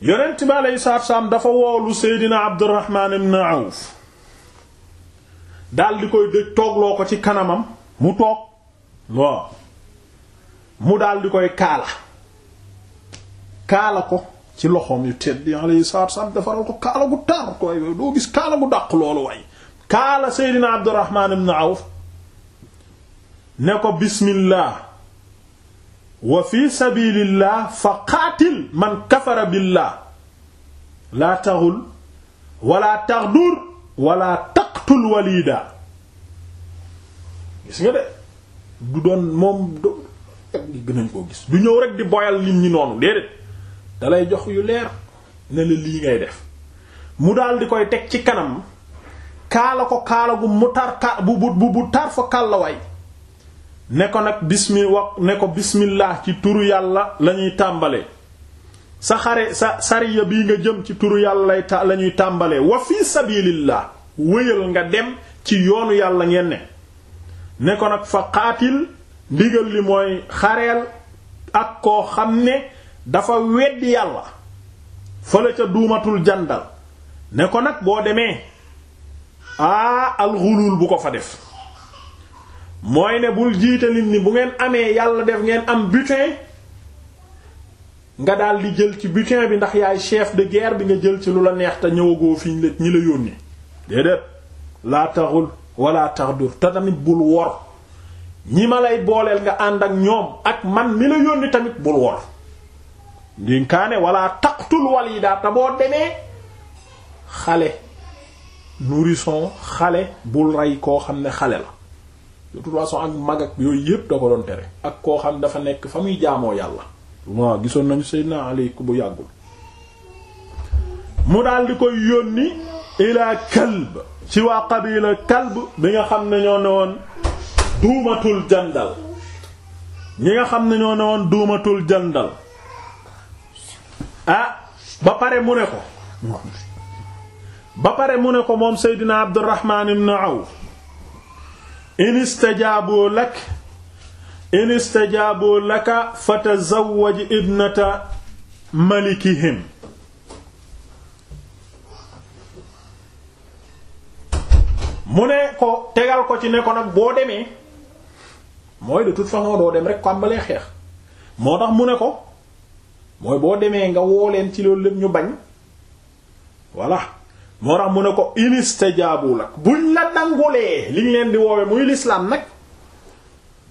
yonent bi aleyhi dafa woolu seydina abdurrahman ibn awf daal di koy dëj toogloo ko ci kanamam mu toog waaw mu daal di koy kaala kaala ko ci loxoom yu tedd yi alayhi salaatu wassalaam ko kaala gu tar koy doo gis kaala gu dàq loolu way kaala seydina abdurrahman ibn awf ne ko bismillah wa fi sabilillah fa qaatil man kafara billah laa taxul wala taxdur wala taqtul walida du doon moom du nañ koo du ñëw rek di boyal nit ñi noonu déedéet dalay jox yu leer ne la lii ngay def mu daldi koy teg ci kanam kaala ko kaala gu mu tar ka bu bu bu tar fa kàllawaay ne ko nag bismi ne ko bismillah ci turu yàlla la ñuy tàmbalee sa xare sa sariya bii nga jëm ci turu yàlla lay ta la ñuy tàmbalee wa fi sabilillah wéyal nga dem ci yoonu yàlla ngeen ne ne ko nag fa qaatil ndigal li mooy xareel ak koo xam ne dafa weddi yàlla fële ca duumatul jandal ne ko nag boo demee aa alxulul bu ko fa def mooy ne bul jiite nit ñi bu ngeen amee yàlla def ngeen am butin nga daal di jël ci butin bi ndax yaay chef de guerre bi nga jël ci lu la neex te ñëwagoo fi ñi la yónni déedéet laa taxul wala taxdur te tamit bul wor ñi ma lay booleel nga ànd ak ñoom ak man mi la yónni tamit bul wor ndinkaane wala taqtul walida te boo demee xale nourrisson xale bul rey koo xam ne xale la de toute façon ak mag ak yooyu yépp da ko doon tere ak koo xam dafa nekk fa muy jaamoo yàlla waaw gisoon nañu Seydina Ali ku bu yàggul mu daal di koy yónni ila ci waa qabila kalb bi nga xam ne ñoo ne woon duumatul jandal ñi nga xam ne ñoo ne woon duumatul jandal ah ba pare mu ne ko ba pare mu ne ko moom seydina abdurrahman ibn awf in istajaaboo lak in istajaaboo laka fatazawwaj ibnata malikihim mu ne ko tegal ko ci ne ko nag boo demee mooy de toute façon doo dem rek kàmbalee xeex moo tax mu ne ko mooy boo demee nga woo leen ci loolu lépp ñu bañ voilà moo tax mu ne ko inistijaabu lak buñ la nangulee liñ leen di woowe muy lislaam nag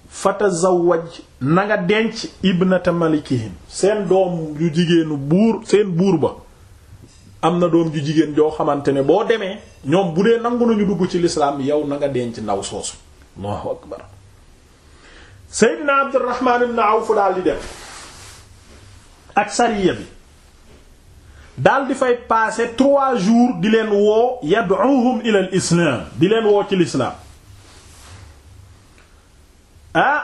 fatazawaj na nga denc ibnata malikihim seen doom yu jigéenu buur seen buur ba am na doom ju jigéen joo xamante ne boo demee ñoom bu dee nangu nañu dugg ci lislaam yow nanga nga denc ndaw soosu allahu akbar seydina abdurrahman ibn awf di dem ak sariya bi daal di fay passer trois jours di leen woo yad'uhum ila al islam di leen woo ci lislaam ah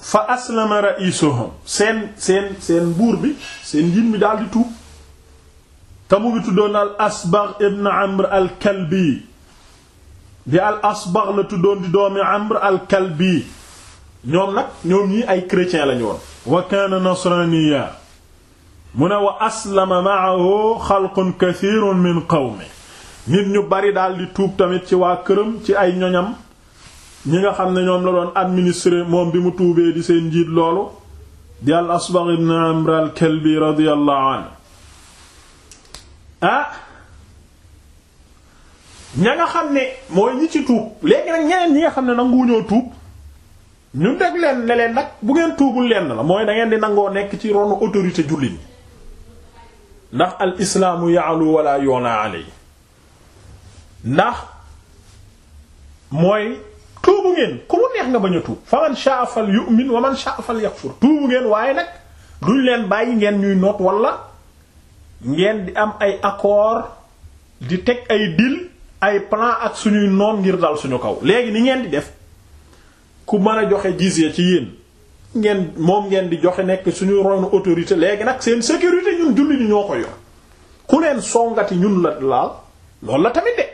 fa aslama ra'isuhum seen seen seen buur bi seen njiit mi daal di tuub te mu ngi tuddoon al asbax ibn amr al kalbi di al asbax la tuddoon di doomi amr al kalbi ñoom nag ñoom ñii ay chrétien lañu woon wa kaana nasraniya mu ne wa aslama ma'ahu xalqun kathirun min qawmi nit ñu bari daal di tuub tamit ci waa këram ci ay ñoñam ñi nga xam ne ñoom la doon administrer moom bi mu tuubee di seen njiit loolu di al asbax ibn amr al kalbi radiyallahu anhu Ah. ña nga xam ne mooy ñi ci tuub léegi nag ñeneen ñi nga xam ne nanguwuñoo tuub ñu teg leen neleen nag bu ngeen tuubul leen la mooy da ngeen di nangoo nekk ci ronu autorité jullit ñi ndax al islaamu yaalu wala yoona alay ndax mooy tuubu ngeen ku mu neex nga bañ a tuub fa man sha'a fal yu'min waaye nag duñ leen bàyyi ngeen ñuy noot walla ngeen di am ay accord di teg ay deal ay plan ak suñuy noon ngir dal suñu kaw léegi ni ngeen di def ku mën a joxe jizya ci yéen ngeen moom ngeen di joxe nekk suñu ronu autorité léegi nag seen sécurité ñun julli ni ñoo ko yor ku leen songati ñun la laal loolu la tamit de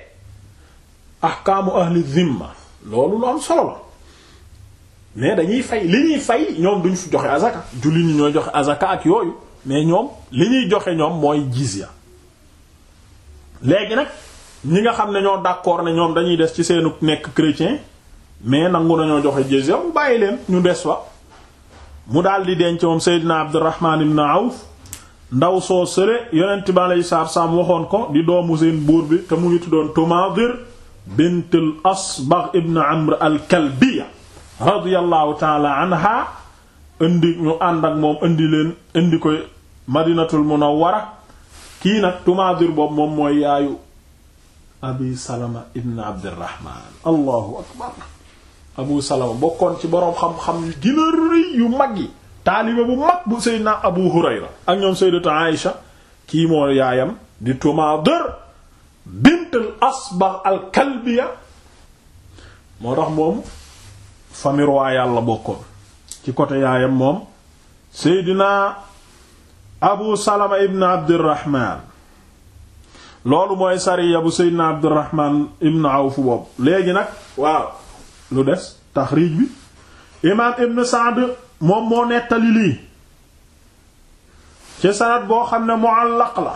ahkaamu ahli zimma loolu lu am solo la mais dañuy fay li ñuy fay ñoom duñ fi joxe azaka julli ni ñoo joxe azaka ak yooyu mais ñoom li ñuy joxe ñoom mooy jiis ya léegi nag ñi nga xam ne ñoo d'accord ne ñoom dañuy des ci seenu nekk chrétien mais nangu nañoo joxe jizya mu bàyyi leen ñu des wa mu daal di denc moom Seydina Abdurrahman ibn Awf ndaw soo sële yonent bi aleyhi salaatu salaam waxoon ko di doomu seen buur bi te mu ngi tuddoon Tumaadir bint al Asbagh ibn Amr al Kalbiya radiyallahu ta'ala anha indi ñu ànd ak moom indi leen indi ko madinatul munawwara kii nag tumaadir boobu moom mooy yaayu abi salama ibn abdirahman allahu akbar abu salama bokkoon ci boroom xam-xam gën a yu mag yi taalibe bu mag bu seydina abu hurayra ak ñoom sayyidatu aïsha kii moo yaayam di tumaadir bint al asbax al kalbiya moo tax moom famille royale bokkoon ci côté yaayam moom seydina abu salama ibn abdirahman loolu mooy sariya bu seydina abdirahman ibn awf boobu léegi nag waaw lu des taxriij bi imaam ibn saad moom moo nettali lii ci sanad boo xam ne muallaq la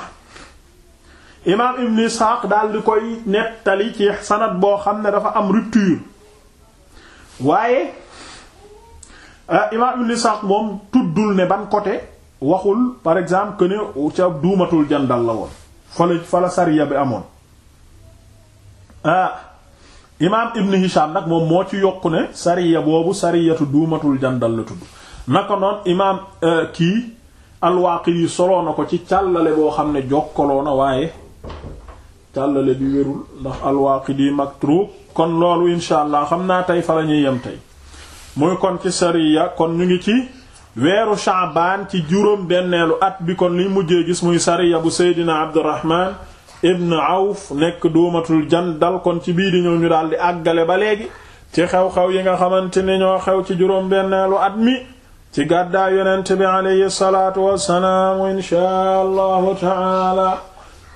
imaam ibn isxaaq daal di koy nettali ci sanad boo xam ne dafa am rupture waaye Euh, imaam ibn Isaaq moom tuddul ne ban côté waxul par exemple que ne ca duumatul jandal la woon fala fala sariya bi amoon ah euh, imaam ibn Hisham nag moom moo ci yokku ne sariya boobu sariyatu duumatul jandal la tudd naka noon imaam euh, kii al-Waaqidi soloo na ko ci càllale boo xam ne jokkaloo waaye càllale bi wérul ndax al-Waaqidi matruk kon loolu insha allah xam naa tey fa la ñuy yem tey muy kon ci sariya kon ñu ngi ci weeru shaabaan ci juróom benneelu at bi kon liñ mujjee gis muy sariya bu seydina abdurahman ibn awf nekk duumatul jan dal kon ci biir di ñëw ñu daal di àggale ba léegi ci xew-xew yi nga xamante ni ñoo xew ci juróom benneelu at mi ci gàddaa yonent bi alayhi salaatu wassalaam inshaa allahu taala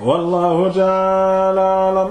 wallahu taala alam